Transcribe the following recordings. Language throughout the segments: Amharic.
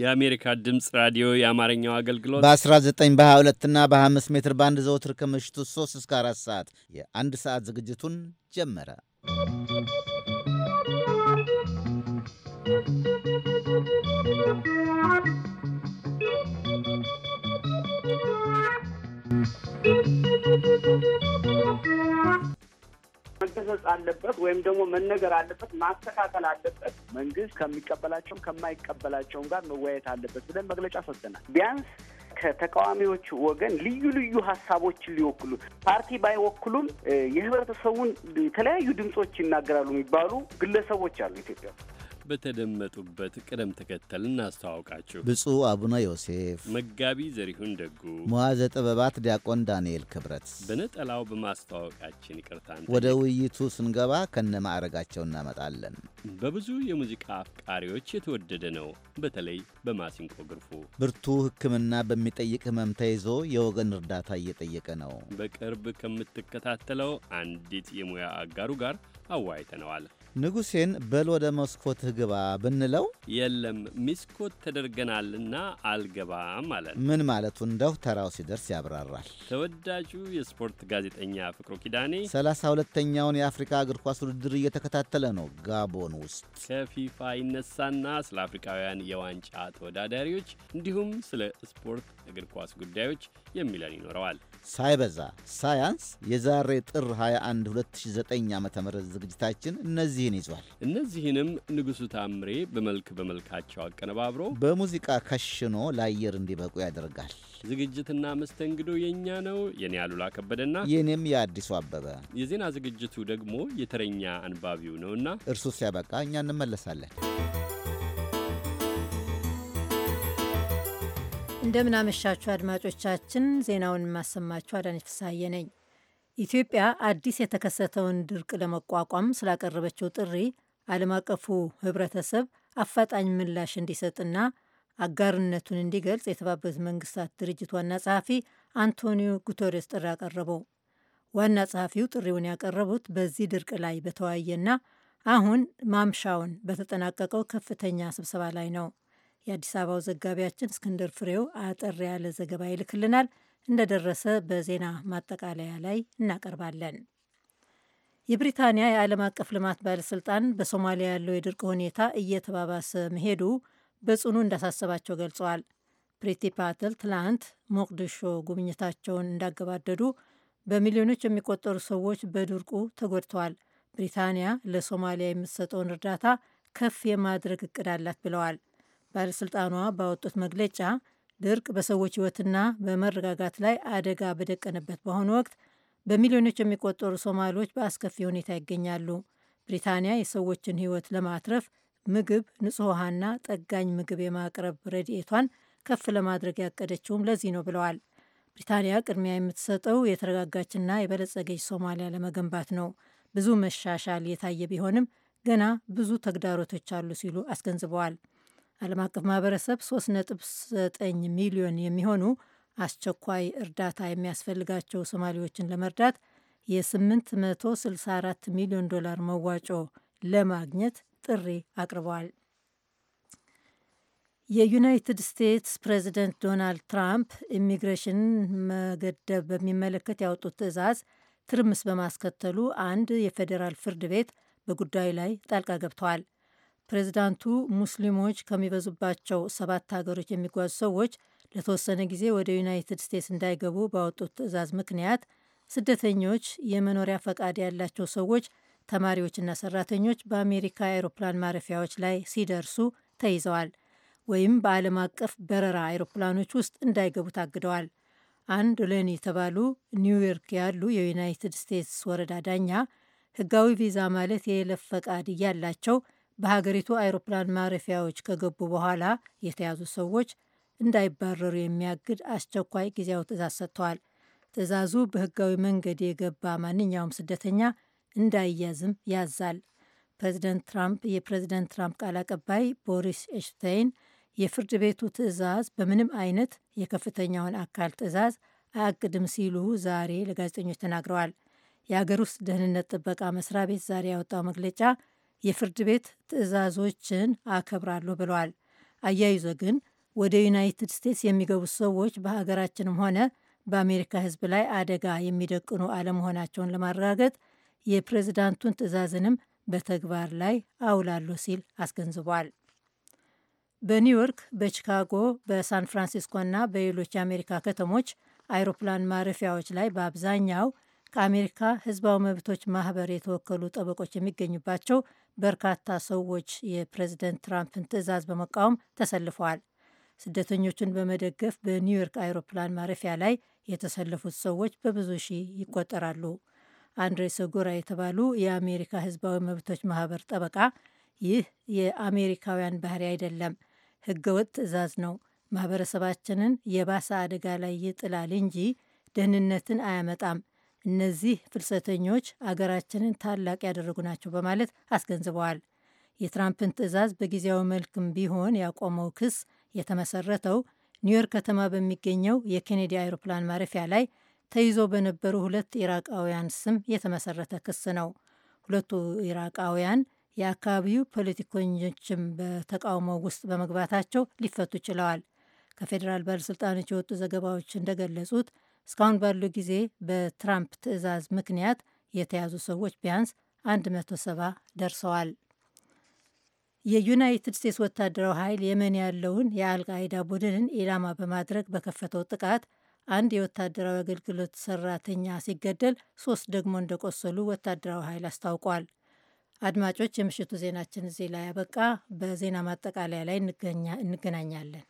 የአሜሪካ ድምፅ ራዲዮ የአማርኛው አገልግሎት በ19 በ22 እና በ25 ሜትር ባንድ ዘወትር ከምሽቱ 3 እስከ 4 ሰዓት የአንድ ሰዓት ዝግጅቱን ጀመረ። መደሰስ አለበት ወይም ደግሞ መነገር አለበት፣ ማስተካከል አለበት። መንግስት ከሚቀበላቸውም ከማይቀበላቸውም ጋር መወያየት አለበት ብለን መግለጫ ሰጥተናል። ቢያንስ ከተቃዋሚዎች ወገን ልዩ ልዩ ሀሳቦችን ሊወክሉ ፓርቲ ባይወክሉም የህብረተሰቡን የተለያዩ ድምጾች ይናገራሉ የሚባሉ ግለሰቦች አሉ ኢትዮጵያ በተደመጡበት ቅደም ተከተል እናስተዋውቃችሁ። ብፁዕ አቡነ ዮሴፍ፣ መጋቢ ዘሪሁን ደጉ፣ መዋዘ ጥበባት ዲያቆን ዳንኤል ክብረት በነጠላው በማስተዋወቃችን ይቅርታ። ወደ ውይይቱ ስንገባ ከነ ማዕረጋቸው እናመጣለን። በብዙ የሙዚቃ አፍቃሪዎች የተወደደ ነው። በተለይ በማሲንቆ ግርፉ ብርቱ ሕክምና በሚጠይቅ ህመም ተይዞ የወገን እርዳታ እየጠየቀ ነው። በቅርብ ከምትከታተለው አንዲት የሙያ አጋሩ ጋር አዋይተነዋል። ንጉሴን በል ወደ መስኮትህ ግባ ብንለው የለም ሚስኮት ተደርገናልና አልገባም ማለት ምን ማለቱ እንደው ተራው ሲደርስ ያብራራል። ተወዳጁ የስፖርት ጋዜጠኛ ፍቅሩ ኪዳኔ 32 ሁለተኛውን የአፍሪካ እግር ኳስ ውድድር እየተከታተለ ነው። ጋቦን ውስጥ ከፊፋ ይነሳና ስለ አፍሪካውያን የዋንጫ ተወዳዳሪዎች እንዲሁም ስለ ስፖርት እግር ኳስ ጉዳዮች የሚለን ይኖረዋል። ሳይበዛ ሳያንስ የዛሬ ጥር 21 2009 ዓ ም ዝግጅታችን እነዚህን ይዟል። እነዚህንም ንጉሡ ታምሬ በመልክ በመልካቸው አቀነባብሮ በሙዚቃ ከሽኖ ለአየር እንዲበቁ ያደርጋል። ዝግጅትና መስተንግዶ የእኛ ነው። የኔ አሉላ ከበደና የኔም የአዲሱ አበበ። የዜና ዝግጅቱ ደግሞ የተረኛ አንባቢው ነውና እርሱ ሲያበቃ እኛ እንመለሳለን። እንደምናመሻችሁ አድማጮቻችን። ዜናውን የማሰማችሁ አዳነች ፍሳዬ ነኝ። ኢትዮጵያ አዲስ የተከሰተውን ድርቅ ለመቋቋም ስላቀረበችው ጥሪ ዓለም አቀፉ ህብረተሰብ አፋጣኝ ምላሽ እንዲሰጥና አጋርነቱን እንዲገልጽ የተባበሩት መንግስታት ድርጅት ዋና ጸሐፊ አንቶኒዮ ጉተሬስ ጥሪ አቀረበው። ዋና ጸሐፊው ጥሪውን ያቀረቡት በዚህ ድርቅ ላይ በተወያየና አሁን ማምሻውን በተጠናቀቀው ከፍተኛ ስብሰባ ላይ ነው። የአዲስ አበባው ዘጋቢያችን እስክንድር ፍሬው አጠር ያለ ዘገባ ይልክልናል። እንደደረሰ በዜና ማጠቃለያ ላይ እናቀርባለን። የብሪታንያ የዓለም አቀፍ ልማት ባለሥልጣን በሶማሊያ ያለው የድርቅ ሁኔታ እየተባባሰ መሄዱ በጽኑ እንዳሳሰባቸው ገልጸዋል። ፕሪቲ ፓትል ትላንት ሞቅዲሾ ጉብኝታቸውን እንዳገባደዱ በሚሊዮኖች የሚቆጠሩ ሰዎች በድርቁ ተጎድተዋል፣ ብሪታንያ ለሶማሊያ የምትሰጠውን እርዳታ ከፍ የማድረግ እቅድ አላት ብለዋል። ባለሥልጣኗ ባወጡት መግለጫ ድርቅ በሰዎች ሕይወትና በመረጋጋት ላይ አደጋ በደቀነበት በአሁኑ ወቅት በሚሊዮኖች የሚቆጠሩ ሶማሌዎች በአስከፊ ሁኔታ ይገኛሉ። ብሪታንያ የሰዎችን ሕይወት ለማትረፍ ምግብ፣ ንጹህ ውሃና ጠጋኝ ምግብ የማቅረብ ረድኤቷን ከፍ ለማድረግ ያቀደችውም ለዚህ ነው ብለዋል። ብሪታንያ ቅድሚያ የምትሰጠው የተረጋጋችና የበለጸገች ሶማሊያ ለመገንባት ነው። ብዙ መሻሻል የታየ ቢሆንም ገና ብዙ ተግዳሮቶች አሉ ሲሉ አስገንዝበዋል። ዓለም አቀፍ ማህበረሰብ 3.9 ሚሊዮን የሚሆኑ አስቸኳይ እርዳታ የሚያስፈልጋቸው ሶማሌዎችን ለመርዳት የ864 ሚሊዮን ዶላር መዋጮ ለማግኘት ጥሪ አቅርበዋል። የዩናይትድ ስቴትስ ፕሬዚደንት ዶናልድ ትራምፕ ኢሚግሬሽን መገደብ በሚመለከት ያወጡት ትዕዛዝ ትርምስ በማስከተሉ አንድ የፌዴራል ፍርድ ቤት በጉዳዩ ላይ ጣልቃ ገብተዋል። ፕሬዚዳንቱ ሙስሊሞች ከሚበዙባቸው ሰባት ሀገሮች የሚጓዙ ሰዎች ለተወሰነ ጊዜ ወደ ዩናይትድ ስቴትስ እንዳይገቡ ባወጡት ትዕዛዝ ምክንያት ስደተኞች፣ የመኖሪያ ፈቃድ ያላቸው ሰዎች፣ ተማሪዎችና ሰራተኞች በአሜሪካ አውሮፕላን ማረፊያዎች ላይ ሲደርሱ ተይዘዋል ወይም በዓለም አቀፍ በረራ አይሮፕላኖች ውስጥ እንዳይገቡ ታግደዋል። አንድ ሌኒ የተባሉ ኒውዮርክ ያሉ የዩናይትድ ስቴትስ ወረዳ ዳኛ ህጋዊ ቪዛ ማለት የይለፍ ፈቃድ እያላቸው በሀገሪቱ አይሮፕላን ማረፊያዎች ከገቡ በኋላ የተያዙ ሰዎች እንዳይባረሩ የሚያግድ አስቸኳይ ጊዜያዊ ትዕዛዝ ሰጥተዋል። ትዕዛዙ በህጋዊ መንገድ የገባ ማንኛውም ስደተኛ እንዳይያዝም ያዛል። ፕሬዚደንት ትራምፕ የፕሬዚደንት ትራምፕ ቃል አቀባይ ቦሪስ ኤሽተይን የፍርድ ቤቱ ትዕዛዝ በምንም አይነት የከፍተኛውን አካል ትዕዛዝ አያቅድም ሲሉ ዛሬ ለጋዜጠኞች ተናግረዋል። የአገር ውስጥ ደህንነት ጥበቃ መስሪያ ቤት ዛሬ ያወጣው መግለጫ የፍርድ ቤት ትዕዛዞችን አከብራለሁ ብለዋል። አያይዞ ግን ወደ ዩናይትድ ስቴትስ የሚገቡ ሰዎች በሀገራችንም ሆነ በአሜሪካ ሕዝብ ላይ አደጋ የሚደቅኑ አለመሆናቸውን ለማረጋገጥ የፕሬዝዳንቱን ትዕዛዝንም በተግባር ላይ አውላለሁ ሲል አስገንዝቧል። በኒውዮርክ፣ በቺካጎ፣ በሳን ፍራንሲስኮና በሌሎች የአሜሪካ ከተሞች አይሮፕላን ማረፊያዎች ላይ በአብዛኛው ከአሜሪካ ህዝባዊ መብቶች ማህበር የተወከሉ ጠበቆች የሚገኙባቸው በርካታ ሰዎች የፕሬዝደንት ትራምፕን ትዕዛዝ በመቃወም ተሰልፈዋል። ስደተኞቹን በመደገፍ በኒውዮርክ አይሮፕላን ማረፊያ ላይ የተሰለፉት ሰዎች በብዙ ሺህ ይቆጠራሉ። አንድሬ ሰጎራ የተባሉ የአሜሪካ ሕዝባዊ መብቶች ማህበር ጠበቃ ይህ የአሜሪካውያን ባህሪ አይደለም፣ ህገወጥ ትዕዛዝ ነው። ማህበረሰባችንን የባሰ አደጋ ላይ ይጥላል እንጂ ደህንነትን አያመጣም። እነዚህ ፍልሰተኞች አገራችንን ታላቅ ያደረጉ ናቸው በማለት አስገንዝበዋል። የትራምፕን ትዕዛዝ በጊዜያዊ መልክም ቢሆን ያቆመው ክስ የተመሰረተው ኒውዮርክ ከተማ በሚገኘው የኬኔዲ አይሮፕላን ማረፊያ ላይ ተይዞ በነበሩ ሁለት ኢራቃውያን ስም የተመሰረተ ክስ ነው። ሁለቱ ኢራቃውያን የአካባቢው ፖለቲከኞችም በተቃውሞ ውስጥ በመግባታቸው ሊፈቱ ችለዋል። ከፌዴራል ባለሥልጣኖች የወጡ ዘገባዎች እንደገለጹት እስካሁን ባለው ጊዜ በትራምፕ ትዕዛዝ ምክንያት የተያዙ ሰዎች ቢያንስ 170 ደርሰዋል። የዩናይትድ ስቴትስ ወታደራዊ ኃይል የመን ያለውን የአልቃይዳ ቡድንን ኢላማ በማድረግ በከፈተው ጥቃት አንድ የወታደራዊ አገልግሎት ሰራተኛ ሲገደል፣ ሶስት ደግሞ እንደቆሰሉ ወታደራዊ ኃይል አስታውቋል። አድማጮች፣ የምሽቱ ዜናችን እዚህ ላይ ያበቃ። በዜና ማጠቃለያ ላይ እንገናኛለን።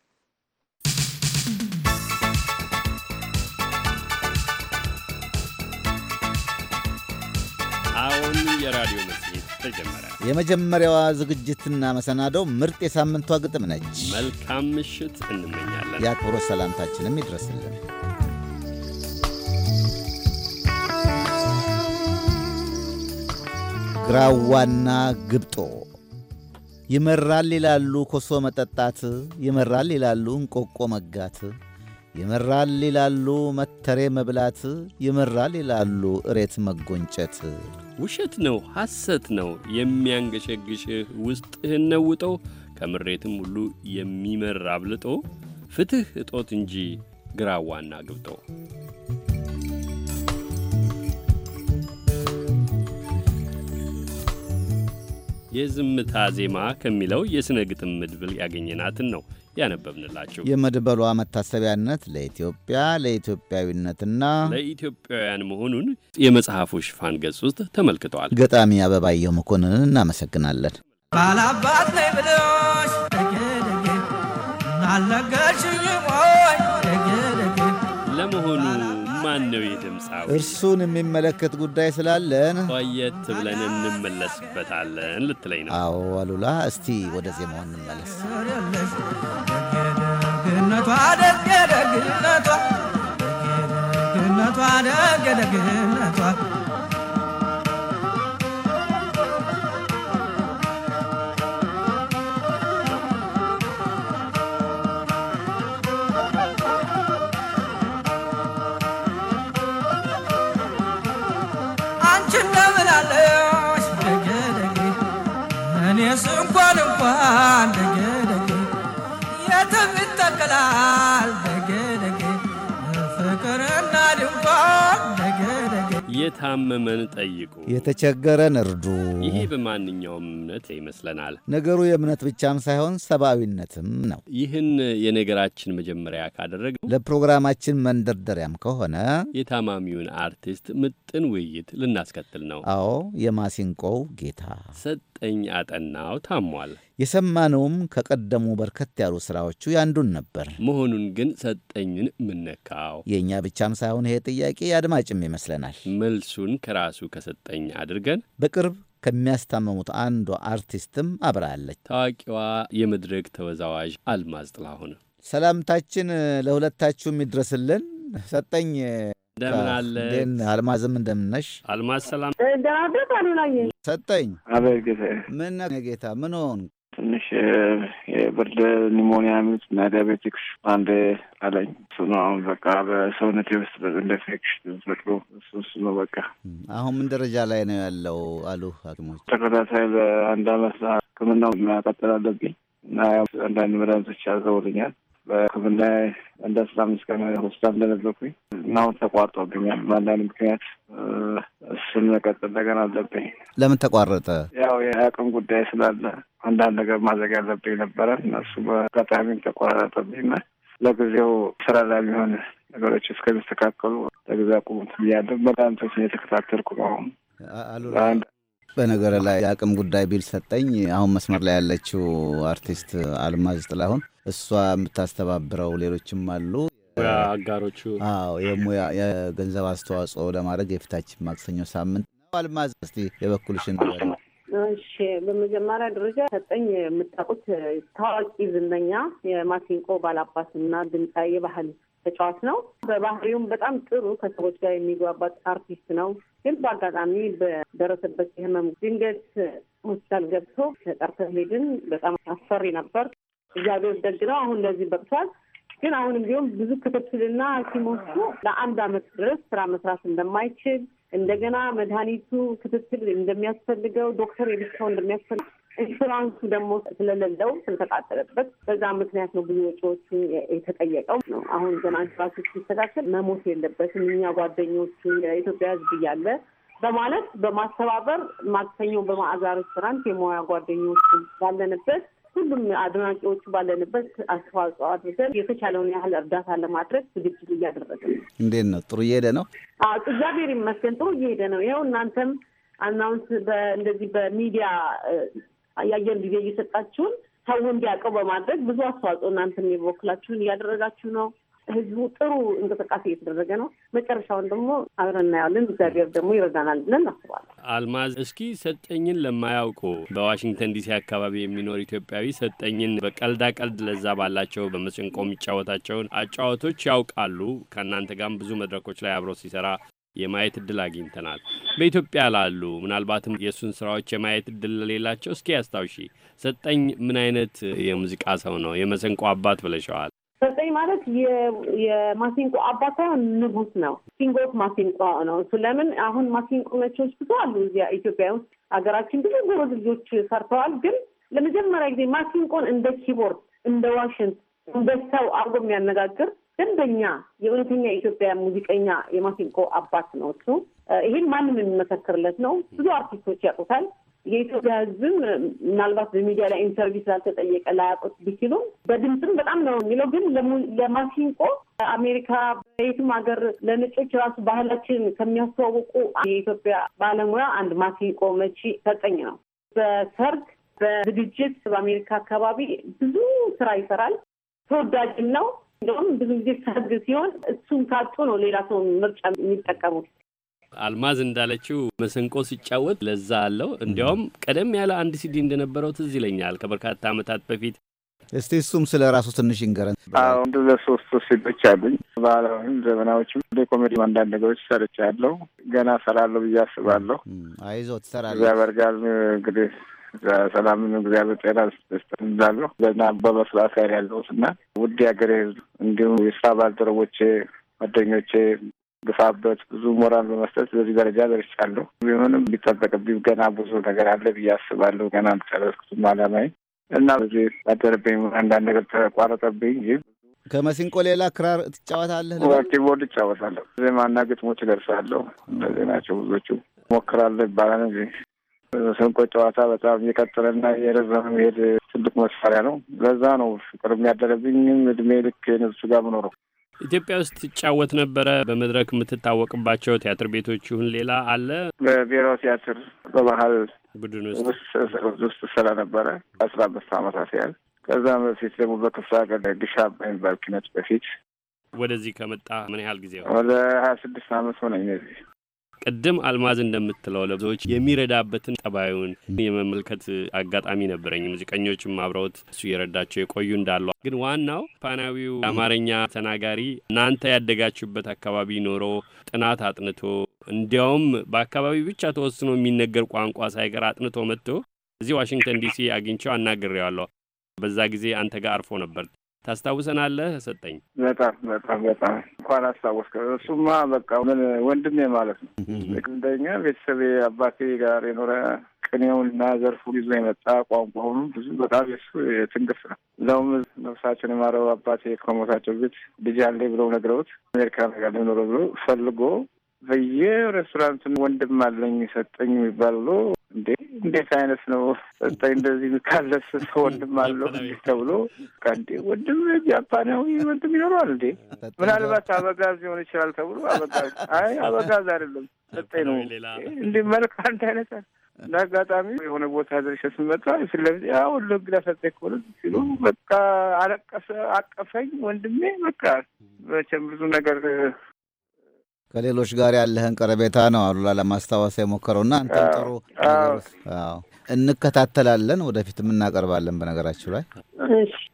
አሁን የራዲዮ መጽሔት ተጀመረ። የመጀመሪያዋ ዝግጅትና መሰናዶው ምርጥ የሳምንቷ ግጥም ነች። መልካም ምሽት እንመኛለን። የአክብሮት ሰላምታችንም ይድረስልን። ግራዋና ግብጦ ይመራል ይላሉ ኮሶ መጠጣት፣ ይመራል ይላሉ እንቆቆ መጋት ይመራል ይላሉ መተሬ መብላት፣ ይመራል ይላሉ እሬት መጎንጨት። ውሸት ነው ሐሰት ነው የሚያንገሸግሽህ ውስጥህን ነውጦ ከምሬትም ሁሉ የሚመር አብልጦ ፍትሕ እጦት እንጂ ግራዋና ግብጦ የዝምታ ዜማ ከሚለው የሥነ ግጥም ምድብል ያገኘናትን ነው ያነበብንላችሁ። የመድበሏ መታሰቢያነት ለኢትዮጵያ ለኢትዮጵያዊነትና ለኢትዮጵያውያን መሆኑን የመጽሐፉ ሽፋን ገጽ ውስጥ ተመልክተዋል። ገጣሚ አበባየው መኮንንን እናመሰግናለን። ባላባት ነኝ ብሎሽ አልነገርሽኝም ነው ይህ ድምፃዊ። እርሱን የሚመለከት ጉዳይ ስላለን ቆየት ብለን እንመለስበታለን ልትለኝ ነው? አዎ አሉላ፣ እስቲ ወደ ዜማው እንመለስ። ደግነቷ ደግነቷ ደግነቷ ደግነቷ ይገባል ደገደገ የትም ይተከላል ደገደገ ፍቅርና ድንኳን ደገደገ የታመመን ጠይቁ፣ የተቸገረን እርዱ። ይሄ በማንኛውም እምነት ይመስለናል። ነገሩ የእምነት ብቻም ሳይሆን ሰብአዊነትም ነው። ይህን የነገራችን መጀመሪያ ካደረግነው ለፕሮግራማችን መንደርደሪያም ከሆነ የታማሚውን አርቲስት ምጥን ውይይት ልናስከትል ነው። አዎ የማሲንቆው ጌታ ሰጥ ዘጠኝ አጠናው ታሟል። የሰማነውም ከቀደሙ በርከት ያሉ ሥራዎቹ ያንዱን ነበር መሆኑን ግን ሰጠኝን ምነካው የእኛ ብቻም ሳይሆን ይሄ ጥያቄ አድማጭም ይመስለናል። መልሱን ከራሱ ከሰጠኝ አድርገን በቅርብ ከሚያስታምሙት አንዱ አርቲስትም አብራለች። ታዋቂዋ የመድረክ ተወዛዋዥ አልማዝ ጥላሁን ሰላምታችን ለሁለታችሁም ይድረስልን። ሰጠኝ እንደምን አለ አልማዝም፣ እንደምነሽ አልማዝ? ሰላም ደራደት አሉላየ ሰጠኝ አበርግተ ምን ጌታ ምን ሆን ትንሽ የብርድ ኒሞኒያ ሚት እና ዲያቤቲክስ አንድ አለኝ። እሱ ነው አሁን በቃ በሰውነት ውስጥ እንደ ኢንፌክሽን ዘሎ እሱ እሱ ነው በቃ። አሁን ምን ደረጃ ላይ ነው ያለው አሉ ሐኪሞች? ተከታታይ በአንድ አመት ሕክምናው መቀጠል አለብኝ እና አንዳንድ መድኃኒቶች ያዘውልኛል በሕክምና ላይ እንደ አስራ አምስት ሆስፒታል እንደነበርኩኝ እና ተቋርጦብኛል። በአንዳንድ ምክንያት እሱን መቀጠል እንደገና አለብኝ። ለምን ተቋረጠ? ያው የአቅም ጉዳይ ስላለ አንዳንድ ነገር ማድረግ ያለብኝ ነበረ እነሱ እሱ በአጋጣሚ ተቋረጠብኝና ለጊዜው ስራ ላይ የሚሆን ነገሮች እስከሚስተካከሉ ለጊዜ አቁሙት ብያለሁ። መድኃኒቶችን የተከታተልኩ ነው አሁን በነገር ላይ የአቅም ጉዳይ ቢል ሰጠኝ። አሁን መስመር ላይ ያለችው አርቲስት አልማዝ ጥላሁን እሷ የምታስተባብረው ሌሎችም አሉ አጋሮቹ። አዎ የሙያ የገንዘብ አስተዋጽኦ ለማድረግ የፊታችን ማክሰኞ ሳምንት አልማዝ፣ እስቲ የበኩልሽን ነገር ነው እሺ በመጀመሪያ ደረጃ ሰጠኝ የምታውቁት ታዋቂ ዝነኛ የማሲንቆ ባላባት እና ድምፃዊ የባህል ተጫዋች ነው። በባህሪውም በጣም ጥሩ ከሰዎች ጋር የሚግባባት አርቲስት ነው። ግን በአጋጣሚ በደረሰበት የህመም ድንገት ሆስፒታል ገብቶ ተጠርተን ሄድን። በጣም አስፈሪ ነበር። እግዚአብሔር ደግ ነው። አሁን ለዚህ በቅቷል። ግን አሁንም ቢሆን ብዙ ክትትልና ሲሞቱ ለአንድ አመት ድረስ ስራ መስራት እንደማይችል እንደገና መድኃኒቱ ክትትል እንደሚያስፈልገው ዶክተር የብቻው እንደሚያስፈልገው ኢንሹራንሱ ደግሞ ስለሌለው ስለተቃጠለበት በዛ ምክንያት ነው ብዙ ወጪዎቹ የተጠየቀው ነው። አሁን ገና ኢንሹራንሱ ሲስተካከል መሞት የለበትም እኛ ጓደኞቹ የኢትዮጵያ ሕዝብ እያለ በማለት በማስተባበር ማክሰኞ በማዕዛ ሬስቶራንት የሙያ ጓደኞቹ ባለንበት ሁሉም አድናቂዎቹ ባለንበት አስተዋጽኦ አድርገን የተቻለውን ያህል እርዳታ ለማድረግ ዝግጅት እያደረገ ነው። እንዴት ነው? ጥሩ እየሄደ ነው? እግዚአብሔር ይመስገን ጥሩ እየሄደ ነው። ይኸው እናንተም አናውንስ እንደዚህ በሚዲያ የአየር ጊዜ እየሰጣችሁን ሰው እንዲያውቀው በማድረግ ብዙ አስተዋጽኦ እናንተም የበኩላችሁን እያደረጋችሁ ነው። ህዝቡ ጥሩ እንቅስቃሴ እየተደረገ ነው። መጨረሻውን ደግሞ አብረን እናያለን። እግዚአብሔር ደግሞ ይረዳናል ብለን እናስባለን። አልማዝ፣ እስኪ ሰጠኝን ለማያውቁ በዋሽንግተን ዲሲ አካባቢ የሚኖር ኢትዮጵያዊ ሰጠኝን በቀልዳ ቀልድ ለዛ ባላቸው በመሰንቆ የሚጫወታቸውን አጫዋቶች ያውቃሉ። ከእናንተ ጋርም ብዙ መድረኮች ላይ አብሮ ሲሰራ የማየት እድል አግኝተናል። በኢትዮጵያ ላሉ ምናልባትም የእሱን ስራዎች የማየት እድል ለሌላቸው እስኪ ያስታውሺ፣ ሰጠኝ ምን አይነት የሙዚቃ ሰው ነው? የመሰንቆ አባት ብለሸዋል። ሰጠኝ ማለት የማሲንቆ አባታ ንጉስ ነው። ሲንጎት ማሲንቆ ነው እሱ። ለምን አሁን ማሲንቆ መቼዎች ብዙ አሉ እዚያ ኢትዮጵያ ውስጥ ሀገራችን ብዙ ጎበዝ ልጆች ሰርተዋል። ግን ለመጀመሪያ ጊዜ ማሲንቆን እንደ ኪቦርድ፣ እንደ ዋሽንት፣ እንደ ሰው አርጎ የሚያነጋግር ደንበኛ የእውነተኛ ኢትዮጵያ ሙዚቀኛ የማሲንቆ አባት ነው እሱ። ይህን ማንም የሚመሰክርለት ነው። ብዙ አርቲስቶች ያውቁታል። የኢትዮጵያ ሕዝብም ምናልባት በሚዲያ ላይ ኢንተርቪው ስላልተጠየቀ ላያውቁት ቢችሉም በድምፅም በጣም ነው የሚለው። ግን ለማሲንቆ አሜሪካ በየትም ሀገር ለነጮች ራሱ ባህላችን ከሚያስተዋውቁ የኢትዮጵያ ባለሙያ አንድ ማሲንቆ መቺ ሰጠኝ ነው። በሰርግ በዝግጅት በአሜሪካ አካባቢ ብዙ ስራ ይሰራል። ተወዳጅም ነው። እንደውም ብዙ ጊዜ ሰርግ ሲሆን እሱን ካጡ ነው ሌላ ሰው ምርጫ የሚጠቀሙት። አልማዝ እንዳለችው መሰንቆ ሲጫወት ለዛ አለው። እንዲያውም ቀደም ያለ አንድ ሲዲ እንደነበረው ትዝ ይለኛል ከበርካታ አመታት በፊት። እስቲ እሱም ስለ ራሱ ትንሽ ይንገረን። አዎ እንደዛ ሶስት ሲዶች አሉኝ፣ ባህላዊም ዘመናዎችም እንደ ኮሜዲ አንዳንድ ነገሮች ሰርቻለሁ። ገና ሰራለሁ ብዬ አስባለሁ። አይዞህ ትሰራለህ። እግዚአብሔር ጋር እንግዲህ ሰላምን እግዚአብሔር ጤና ስጠን ገና በመስራት ላይ ያለሁት እና ውድ የሀገሬ ሕዝብ እንዲሁም የስራ ባልደረቦቼ ጓደኞቼ ግፋበት፣ ብዙ ሞራል በመስጠት በዚህ ደረጃ ደርሻለሁ። ቢሆንም ቢጠበቅብኝ ገና ብዙ ነገር አለ ብዬ አስባለሁ። ገና አልጨረስኩትም አላማዬ እና በዚህ ያደረብኝ አንዳንድ ነገር ተቋረጠብኝ ይ ከመሲንቆ ሌላ ክራር ትጫወታለህ? ኪቦርድ እጫወታለሁ። ዜማና ግጥሞች እደርሳለሁ። እነዚህ ናቸው ብዙዎቹ። ሞክራለሁ ይባላል እንጂ መሲንቆ ጨዋታ በጣም እየቀጠለና እየረዘመ መሄድ ትልቅ መሳሪያ ነው። ለዛ ነው ፍቅር የሚያደረብኝም እድሜ ልክ ነሱ ጋር ምኖረው ኢትዮጵያ ውስጥ ትጫወት ነበረ። በመድረክ የምትታወቅባቸው ቲያትር ቤቶች ይሁን ሌላ አለ። በብሔራዊ ቲያትር በባህል ቡድን ውስጥ ስራ ነበረ አስራ አምስት አመታት ያህል ከዛም በፊት ደግሞ በክፍለ ሀገር ግሻ በሚባል ኪነት በፊት ወደዚህ ከመጣ ምን ያህል ጊዜ? ወደ ሀያ ስድስት አመት ሆነኝ እዚህ ቅድም አልማዝ እንደምትለው ለብዙዎች የሚረዳበትን ጠባዩን የመመልከት አጋጣሚ ነበረኝ። ሙዚቀኞችም አብረውት እሱ እየረዳቸው የቆዩ እንዳለ ግን ዋናው ፓናዊው አማርኛ ተናጋሪ እናንተ ያደጋችሁበት አካባቢ ኖሮ ጥናት አጥንቶ እንዲያውም በአካባቢ ብቻ ተወስኖ የሚነገር ቋንቋ ሳይቀር አጥንቶ መጥቶ እዚህ ዋሽንግተን ዲሲ አግኝቼው አናግሬዋለሁ። በዛ ጊዜ አንተ ጋር አርፎ ነበር። ታስታውሰናለህ ሰጠኝ? በጣም በጣም በጣም እንኳን አስታወስከ። እሱማ በቃ ምን ወንድሜ ማለት ነው። እንደኛ ቤተሰቤ አባቴ ጋር የኖረ ቅኔውን እና ዘርፉን ይዞ የመጣ ቋንቋ ሆኑ ብዙ በጣም የሱ ትንግፍ ነው። እዛውም ነፍሳቸውን የማረው አባቴ ከሞታቸው ቤት ልጅ አለ ብለው ነግረውት አሜሪካ ነገር ኖረ ብሎ ፈልጎ በየ ሬስቶራንትን ወንድም አለኝ ሰጠኝ የሚባል ብሎ እንዴ እንዴት አይነት ነው ጸጣይ እንደዚህ ካለስ ወንድም አለው ተብሎ ከእንዴ ወንድም ጃፓናዊ ወንድም ይኖረዋል እንዴ? ምናልባት አበጋዝ ሊሆን ይችላል ተብሎ አበጋዝ አይ አበጋዝ አይደለም ጸጣይ ነው እንዴ መልክ አንድ አይነት እንደ አጋጣሚ የሆነ ቦታ ደርሼ ስመጣ ፊት ለፊት ያው ለግዳ ሰጠኝ ከሆነ ሲሉ በቃ አለቀሰ፣ አቀፈኝ። ወንድሜ በቃ መቼም ብዙ ነገር ከሌሎች ጋር ያለህን ቀረቤታ ነው አሉላ ለማስታወስ የሞከረውና አንተም ጥሩ እንከታተላለን፣ ወደፊትም እናቀርባለን። በነገራችሁ ላይ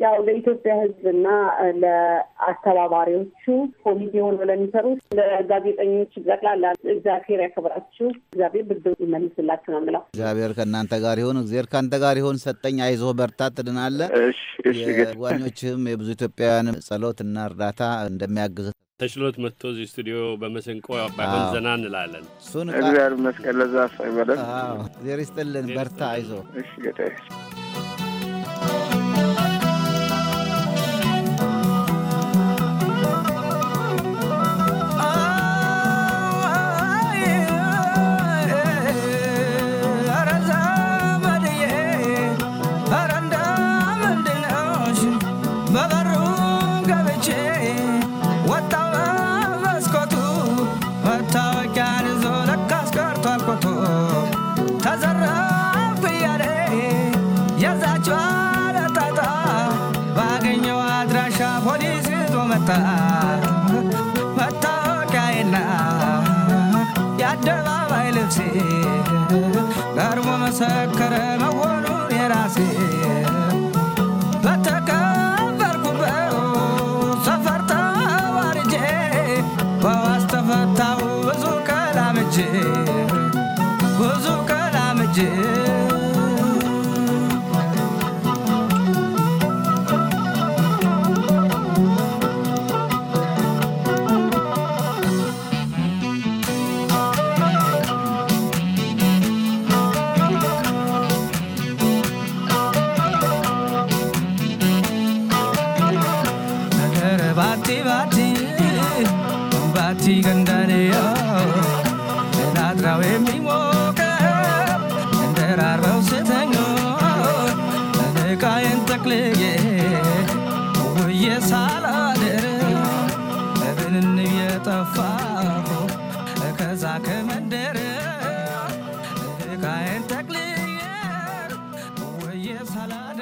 ያው ለኢትዮጵያ ሕዝብና ለአስተባባሪዎቹ ኮሚቴ ሆነው ለሚሰሩት ለጋዜጠኞች ጠቅላላ እግዚአብሔር ያክብራችሁ፣ እግዚአብሔር ብድር ይመልስላችሁ ነው የምለው። እግዚአብሔር ከእናንተ ጋር ይሁን፣ እግዚአብሔር ከአንተ ጋር ይሁን። ሰጠኝ፣ አይዞህ፣ በርታ፣ ትድናለህ። ጓኞችህም የብዙ ኢትዮጵያውያን ጸሎት እና እርዳታ እንደሚያግዝ ተሽሎት መጥቶ እዚህ ስቱዲዮ በመሰንቆ ባይሆን ዘና እንላለን። እሱን እግዚአብሔር ይመስገን። ለዛ ሳይበለን ዜር ይስጥልን። በርታ፣ አይዞ። እሺ ጌታዬ የመሰከረ መሆኑን የራሴ በተከበርኩበት ሰፈር ተዋርጄ በዋስ ተፈታሁ ብዙ ቀላምጄ ብዙ ቀላምጄ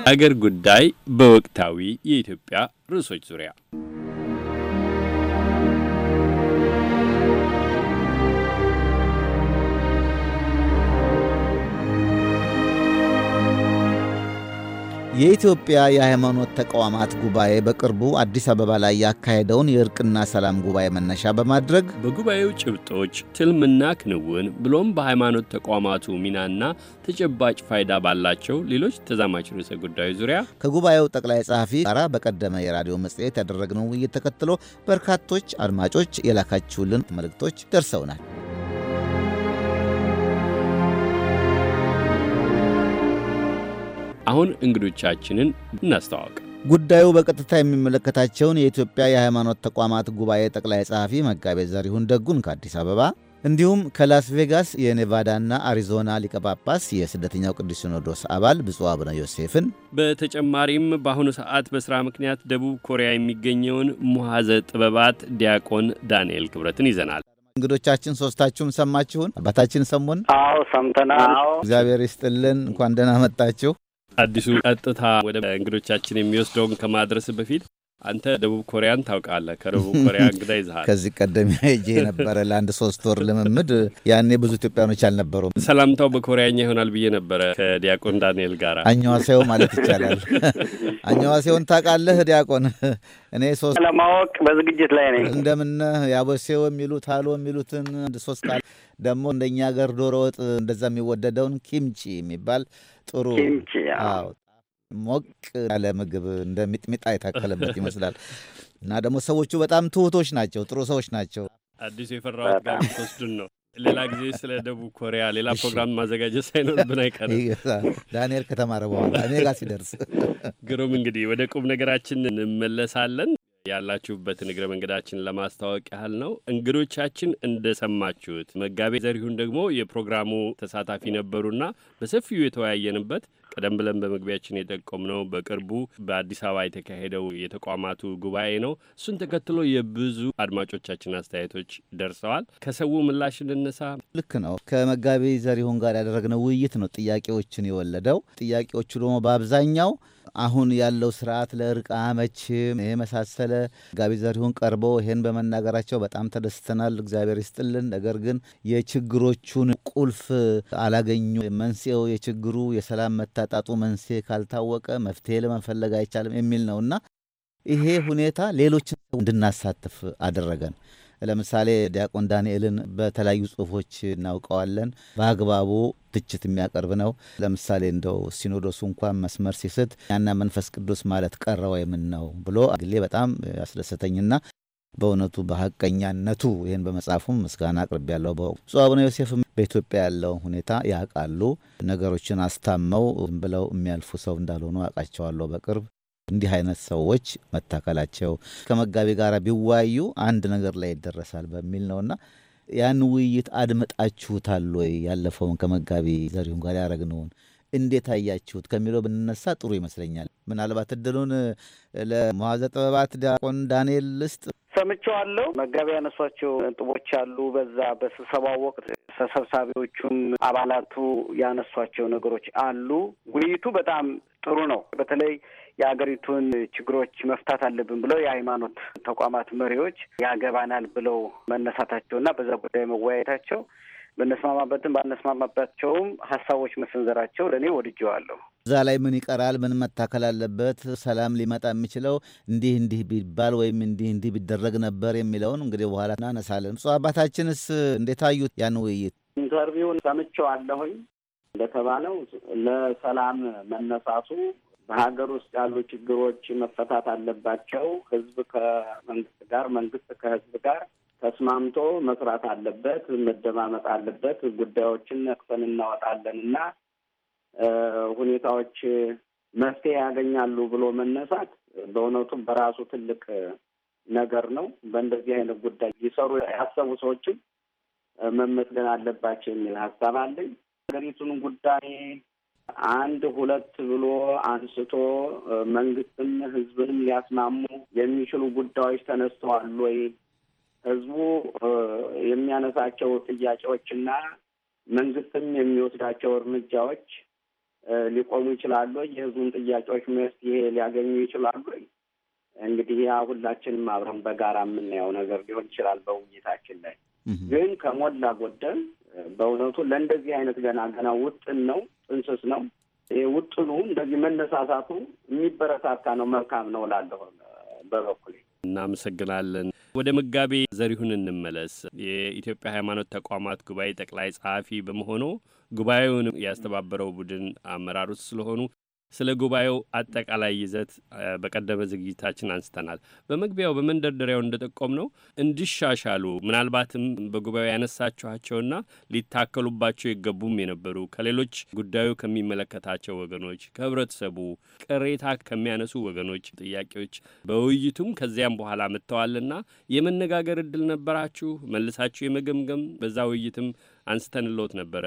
አገር ጉዳይ በወቅታዊ የኢትዮጵያ ርዕሶች ዙሪያ የኢትዮጵያ የሃይማኖት ተቋማት ጉባኤ በቅርቡ አዲስ አበባ ላይ ያካሄደውን የእርቅና ሰላም ጉባኤ መነሻ በማድረግ በጉባኤው ጭብጦች፣ ትልምና ክንውን ብሎም በሃይማኖት ተቋማቱ ሚናና ተጨባጭ ፋይዳ ባላቸው ሌሎች ተዛማች ርዕሰ ጉዳዮች ዙሪያ ከጉባኤው ጠቅላይ ጸሐፊ ጋራ በቀደመ የራዲዮ መጽሔት ያደረግነው ውይይት ተከትሎ በርካቶች አድማጮች የላካችሁልን መልእክቶች ደርሰውናል። አሁን እንግዶቻችንን እናስተዋወቅ። ጉዳዩ በቀጥታ የሚመለከታቸውን የኢትዮጵያ የሃይማኖት ተቋማት ጉባኤ ጠቅላይ ጸሐፊ መጋቤ ዘሪሁን ደጉን ከአዲስ አበባ እንዲሁም ከላስ ቬጋስ የኔቫዳና አሪዞና ሊቀ ጳጳስ የስደተኛው ቅዱስ ሲኖዶስ አባል ብፁዕ አቡነ ዮሴፍን በተጨማሪም በአሁኑ ሰዓት በሥራ ምክንያት ደቡብ ኮሪያ የሚገኘውን ሙሐዘ ጥበባት ዲያቆን ዳንኤል ክብረትን ይዘናል። እንግዶቻችን ሶስታችሁም ሰማችሁን? አባታችን ሰሙን? አዎ ሰምተናል። እግዚአብሔር ይስጥልን። እንኳን ደህና መጣችሁ። አዲሱ ቀጥታ ወደ እንግዶቻችን የሚወስደውን ከማድረስ በፊት አንተ ደቡብ ኮሪያን ታውቃለህ። ከደቡብ ኮሪያ እንግዳ ይዛሃል። ከዚህ ቀደም ሄጄ ነበረ ለአንድ ሶስት ወር ልምምድ። ያኔ ብዙ ኢትዮጵያኖች አልነበሩም። ሰላምታው በኮሪያኛ ይሆናል ብዬ ነበረ ከዲያቆን ዳንኤል ጋር አኛዋሴው ማለት ይቻላል። አኛዋሴውን ታውቃለህ ዲያቆን? እኔ ሶስት ለማወቅ በዝግጅት ላይ ነኝ። እንደምን ያቦሴው የሚሉት አሎ የሚሉትን አንድ ሶስት ቃል ደግሞ እንደኛ ሀገር ዶሮ ወጥ እንደዛ የሚወደደውን ኪምቺ የሚባል ጥሩ ሞቅ ያለ ምግብ እንደ ሚጥሚጣ የታከለበት ይመስላል። እና ደግሞ ሰዎቹ በጣም ትሁቶች ናቸው፣ ጥሩ ሰዎች ናቸው። አዲሱ የፈራሁት ጋር የምትወስዱን ነው። ሌላ ጊዜ ስለ ደቡብ ኮሪያ ሌላ ፕሮግራም ማዘጋጀት ሳይኖርብን አይቀርም። ዳንኤል ከተማረ በኋላ እኔ ጋር ሲደርስ ግሩም። እንግዲህ ወደ ቁም ነገራችን እንመለሳለን። ያላችሁበትን እግረ መንገዳችን ለማስታወቅ ያህል ነው። እንግዶቻችን እንደሰማችሁት መጋቤ ዘሪሁን ደግሞ የፕሮግራሙ ተሳታፊ ነበሩና በሰፊው የተወያየንበት ቀደም ብለን በመግቢያችን የጠቆምነው በቅርቡ በአዲስ አበባ የተካሄደው የተቋማቱ ጉባኤ ነው። እሱን ተከትሎ የብዙ አድማጮቻችን አስተያየቶች ደርሰዋል። ከሰው ምላሽ ልነሳ። ልክ ነው። ከመጋቤ ዘሪሁን ጋር ያደረግነው ውይይት ነው ጥያቄዎችን የወለደው። ጥያቄዎቹ ደግሞ በአብዛኛው አሁን ያለው ስርዓት ለእርቅ አመችም የመሳሰለ ጋቢ ዘሪሁን ቀርቦ ይሄን በመናገራቸው በጣም ተደስተናል፣ እግዚአብሔር ይስጥልን። ነገር ግን የችግሮቹን ቁልፍ አላገኙ። መንስኤው የችግሩ የሰላም መታጣጡ መንስኤ ካልታወቀ መፍትሄ ለመፈለግ አይቻልም የሚል ነው እና ይሄ ሁኔታ ሌሎችን እንድናሳትፍ አደረገን። ለምሳሌ ዲያቆን ዳንኤልን በተለያዩ ጽሁፎች እናውቀዋለን። በአግባቡ ትችት የሚያቀርብ ነው። ለምሳሌ እንደው ሲኖዶሱ እንኳን መስመር ሲስት ያና መንፈስ ቅዱስ ማለት ቀረ ወይ ምን ነው ብሎ አግሌ በጣም አስደሰተኝና በእውነቱ በሀቀኛነቱ ይህን በመጽሐፉም ምስጋና አቅርብ ያለው በወቅቱ አቡነ ዮሴፍ በኢትዮጵያ ያለው ሁኔታ ያውቃሉ። ነገሮችን አስታመው ብለው የሚያልፉ ሰው እንዳልሆኑ አውቃቸዋለሁ በቅርብ እንዲህ አይነት ሰዎች መታከላቸው ከመጋቢ ጋር ቢወያዩ አንድ ነገር ላይ ይደረሳል በሚል ነውና ያን ውይይት አድመጣችሁታል ወይ? ያለፈውን ከመጋቢ ዘሪሁን ጋር ያረግነውን እንዴት አያችሁት ከሚለው ብንነሳ ጥሩ ይመስለኛል። ምናልባት እድሉን ለመዋዘ ጥበባት ዲያቆን ዳንኤል ልስጥ። ሰምቼዋለሁ። መጋቢ ያነሷቸው ነጥቦች አሉ። በዛ በስብሰባው ወቅት ተሰብሳቢዎቹም አባላቱ ያነሷቸው ነገሮች አሉ። ውይይቱ በጣም ጥሩ ነው። በተለይ የሀገሪቱን ችግሮች መፍታት አለብን ብለው የሃይማኖት ተቋማት መሪዎች ያገባናል ብለው መነሳታቸው እና በዛ ጉዳይ መወያየታቸው በነስማማበትም ባነስማማባቸውም ሀሳቦች መሰንዘራቸው ለእኔ ወድጀዋለሁ። እዛ ላይ ምን ይቀራል? ምን መታከል አለበት? ሰላም ሊመጣ የሚችለው እንዲህ እንዲህ ቢባል ወይም እንዲህ እንዲህ ቢደረግ ነበር የሚለውን እንግዲህ በኋላ እናነሳለን። ብፁዕ አባታችንስ እንዴት አዩት ያን ውይይት? ኢንተርቪውን ሰምቼዋለሁኝ። እንደተባለው ለሰላም መነሳቱ በሀገር ውስጥ ያሉ ችግሮች መፈታት አለባቸው። ህዝብ ከመንግስት ጋር፣ መንግስት ከህዝብ ጋር ተስማምቶ መስራት አለበት፣ መደማመጥ አለበት። ጉዳዮችን ነቅፈን እናወጣለን እና ሁኔታዎች መፍትሄ ያገኛሉ ብሎ መነሳት በእውነቱ በራሱ ትልቅ ነገር ነው። በእንደዚህ አይነት ጉዳይ ይሰሩ ያሰቡ ሰዎችም መመስገን አለባቸው የሚል ሀሳብ አለኝ። ሀገሪቱን ጉዳይ አንድ ሁለት ብሎ አንስቶ መንግስትን ህዝብን ሊያስማሙ የሚችሉ ጉዳዮች ተነስተዋል ወይ? ህዝቡ የሚያነሳቸው ጥያቄዎችና መንግስትም የሚወስዳቸው እርምጃዎች ሊቆሙ ይችላሉ? የህዝቡን ጥያቄዎች መፍትሄ ሊያገኙ ይችላሉ? እንግዲህ ያ ሁላችንም አብረን በጋራ የምናየው ነገር ሊሆን ይችላል። በውይይታችን ላይ ግን ከሞላ ጎደል በእውነቱ ለእንደዚህ አይነት ገና ገና ውጥን ነው እንስስ ነው። ውጥኑ እንደዚህ መነሳሳቱ የሚበረታታ ነው፣ መልካም ነው እላለሁ በበኩሌ። እናመሰግናለን። ወደ መጋቤ ዘሪሁን እንመለስ። የኢትዮጵያ ሃይማኖት ተቋማት ጉባኤ ጠቅላይ ጸሐፊ በመሆኑ ጉባኤውንም ያስተባበረው ቡድን አመራሮች ስለሆኑ ስለ ጉባኤው አጠቃላይ ይዘት በቀደመ ዝግጅታችን አንስተናል። በመግቢያው በመንደርደሪያው እንደጠቆም ነው እንዲሻሻሉ ምናልባትም በጉባኤው ያነሳችኋቸውና ሊታከሉባቸው ይገቡም የነበሩ ከሌሎች ጉዳዩ ከሚመለከታቸው ወገኖች፣ ከህብረተሰቡ ቅሬታ ከሚያነሱ ወገኖች ጥያቄዎች በውይይቱም ከዚያም በኋላ መጥተዋልና የመነጋገር እድል ነበራችሁ መልሳችሁ የመገምገም በዛ ውይይትም አንስተንሎት ነበረ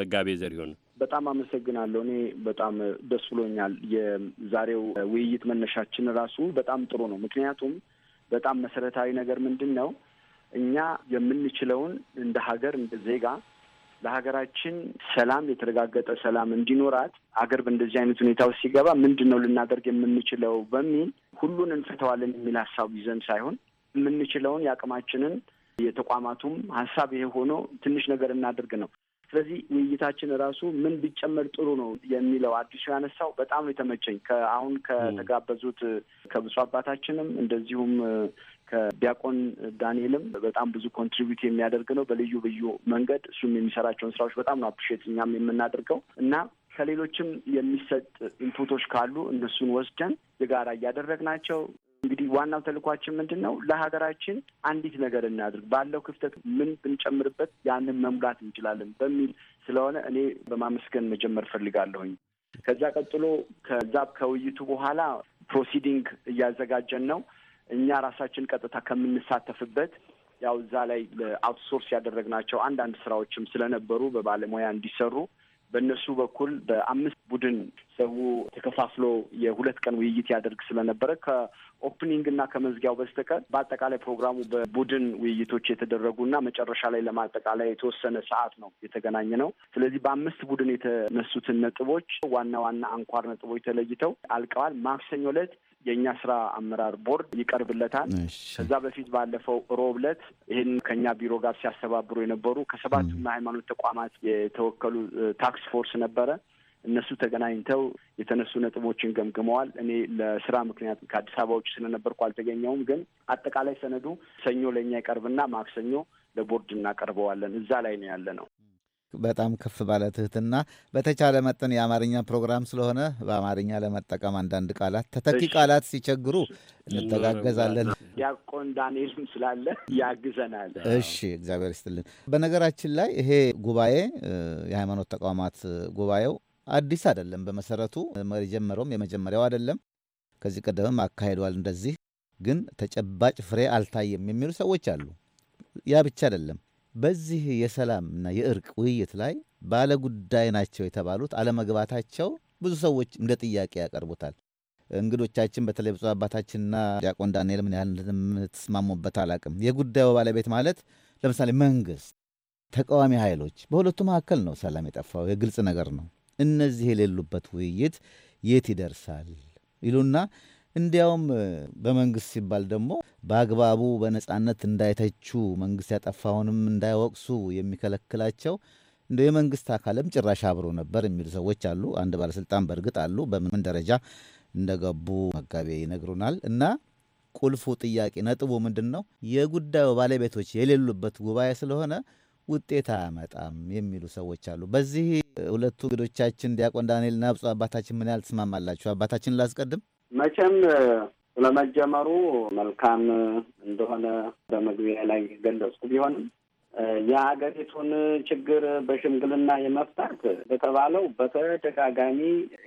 መጋቤ ዘሪሁን በጣም አመሰግናለሁ። እኔ በጣም ደስ ብሎኛል። የዛሬው ውይይት መነሻችን ራሱ በጣም ጥሩ ነው። ምክንያቱም በጣም መሰረታዊ ነገር ምንድን ነው እኛ የምንችለውን እንደ ሀገር እንደ ዜጋ ለሀገራችን ሰላም የተረጋገጠ ሰላም እንዲኖራት አገር በእንደዚህ አይነት ሁኔታ ውስጥ ሲገባ ምንድን ነው ልናደርግ የምንችለው በሚል ሁሉን እንፈተዋለን የሚል ሀሳብ ይዘን ሳይሆን የምንችለውን የአቅማችንን የተቋማቱም ሀሳብ ይሄ ሆኖ ትንሽ ነገር እናድርግ ነው። ስለዚህ ውይይታችን ራሱ ምን ቢጨመር ጥሩ ነው የሚለው አዲሱ ያነሳው በጣም ነው የተመቸኝ። ከአሁን ከተጋበዙት ከብፁዕ አባታችንም እንደዚሁም ከዲያቆን ዳንኤልም በጣም ብዙ ኮንትሪቢዩት የሚያደርግ ነው በልዩ ልዩ መንገድ። እሱም የሚሰራቸውን ስራዎች በጣም ነው አፕሪሼት እኛም የምናደርገው እና ከሌሎችም የሚሰጥ ኢንፑቶች ካሉ እነሱን ወስደን የጋራ ናቸው። እንግዲህ ዋናው ተልኳችን ምንድን ነው? ለሀገራችን አንዲት ነገር እናድርግ፣ ባለው ክፍተት ምን ብንጨምርበት ያንን መሙላት እንችላለን በሚል ስለሆነ እኔ በማመስገን መጀመር ፈልጋለሁኝ። ከዛ ቀጥሎ ከዛ ከውይይቱ በኋላ ፕሮሲዲንግ እያዘጋጀን ነው። እኛ ራሳችን ቀጥታ ከምንሳተፍበት ያው እዛ ላይ አውትሶርስ ያደረግናቸው አንዳንድ ስራዎችም ስለነበሩ በባለሙያ እንዲሰሩ በእነሱ በኩል በአምስት ቡድን ሰው ተከፋፍሎ የሁለት ቀን ውይይት ያደርግ ስለነበረ ከኦፕኒንግ እና ከመዝጊያው በስተቀር በአጠቃላይ ፕሮግራሙ በቡድን ውይይቶች የተደረጉና መጨረሻ ላይ ለማጠቃላይ የተወሰነ ሰዓት ነው የተገናኘ ነው። ስለዚህ በአምስት ቡድን የተነሱትን ነጥቦች ዋና ዋና አንኳር ነጥቦች ተለይተው አልቀዋል። ማክሰኞ ዕለት የእኛ ስራ አመራር ቦርድ ይቀርብለታል። ከዛ በፊት ባለፈው ሮብ ዕለት ይህን ከእኛ ቢሮ ጋር ሲያስተባብሩ የነበሩ ከሰባቱ የሃይማኖት ተቋማት የተወከሉ ታክስ ፎርስ ነበረ። እነሱ ተገናኝተው የተነሱ ነጥቦችን ገምግመዋል። እኔ ለስራ ምክንያት ከአዲስ አበባ ውጭ ስለነበርኩ አልተገኘውም። ግን አጠቃላይ ሰነዱ ሰኞ ለእኛ ይቀርብና ማክሰኞ ለቦርድ እናቀርበዋለን። እዛ ላይ ነው ያለ ነው። በጣም ከፍ ባለ ትህትና በተቻለ መጠን የአማርኛ ፕሮግራም ስለሆነ በአማርኛ ለመጠቀም አንዳንድ ቃላት ተተኪ ቃላት ሲቸግሩ እንተጋገዛለን። ዲያቆን ዳንኤልም ስላለ ያግዘናል። እሺ፣ እግዚአብሔር ይስጥልን። በነገራችን ላይ ይሄ ጉባኤ የሃይማኖት ተቋማት ጉባኤው አዲስ አይደለም። በመሰረቱ የጀመረውም የመጀመሪያው አይደለም። ከዚህ ቀደምም አካሂዷል። እንደዚህ ግን ተጨባጭ ፍሬ አልታየም የሚሉ ሰዎች አሉ። ያ ብቻ አይደለም በዚህ የሰላም እና የእርቅ ውይይት ላይ ባለ ጉዳይ ናቸው የተባሉት አለመግባታቸው ብዙ ሰዎች እንደ ጥያቄ ያቀርቡታል። እንግዶቻችን በተለይ ብፁዕ አባታችንና ዲያቆን ዳንኤል ምን ያህል እንደምትስማሙበት አላቅም። የጉዳዩ ባለቤት ማለት ለምሳሌ መንግስት፣ ተቃዋሚ ኃይሎች በሁለቱ መካከል ነው ሰላም የጠፋው፣ የግልጽ ነገር ነው። እነዚህ የሌሉበት ውይይት የት ይደርሳል ይሉና እንዲያውም በመንግስት ሲባል ደግሞ በአግባቡ በነጻነት እንዳይተቹ መንግስት ያጠፋውንም እንዳይወቅሱ የሚከለክላቸው እንደ የመንግስት አካልም ጭራሽ አብሮ ነበር የሚሉ ሰዎች አሉ። አንድ ባለስልጣን በእርግጥ አሉ። በምን ደረጃ እንደገቡ መጋቤ ይነግሩናል። እና ቁልፉ ጥያቄ ነጥቡ ምንድን ነው? የጉዳዩ ባለቤቶች የሌሉበት ጉባኤ ስለሆነ ውጤት አያመጣም የሚሉ ሰዎች አሉ። በዚህ ሁለቱ እንግዶቻችን ዲያቆን ዳንኤልና ብፁዕ አባታችን ምን ያህል ትስማማላችሁ? አባታችን ላስቀድም። መቼም ስለመጀመሩ መልካም እንደሆነ በመግቢያ ላይ ገለጽኩ ቢሆንም የሀገሪቱን ችግር በሽምግልና የመፍታት በተባለው በተደጋጋሚ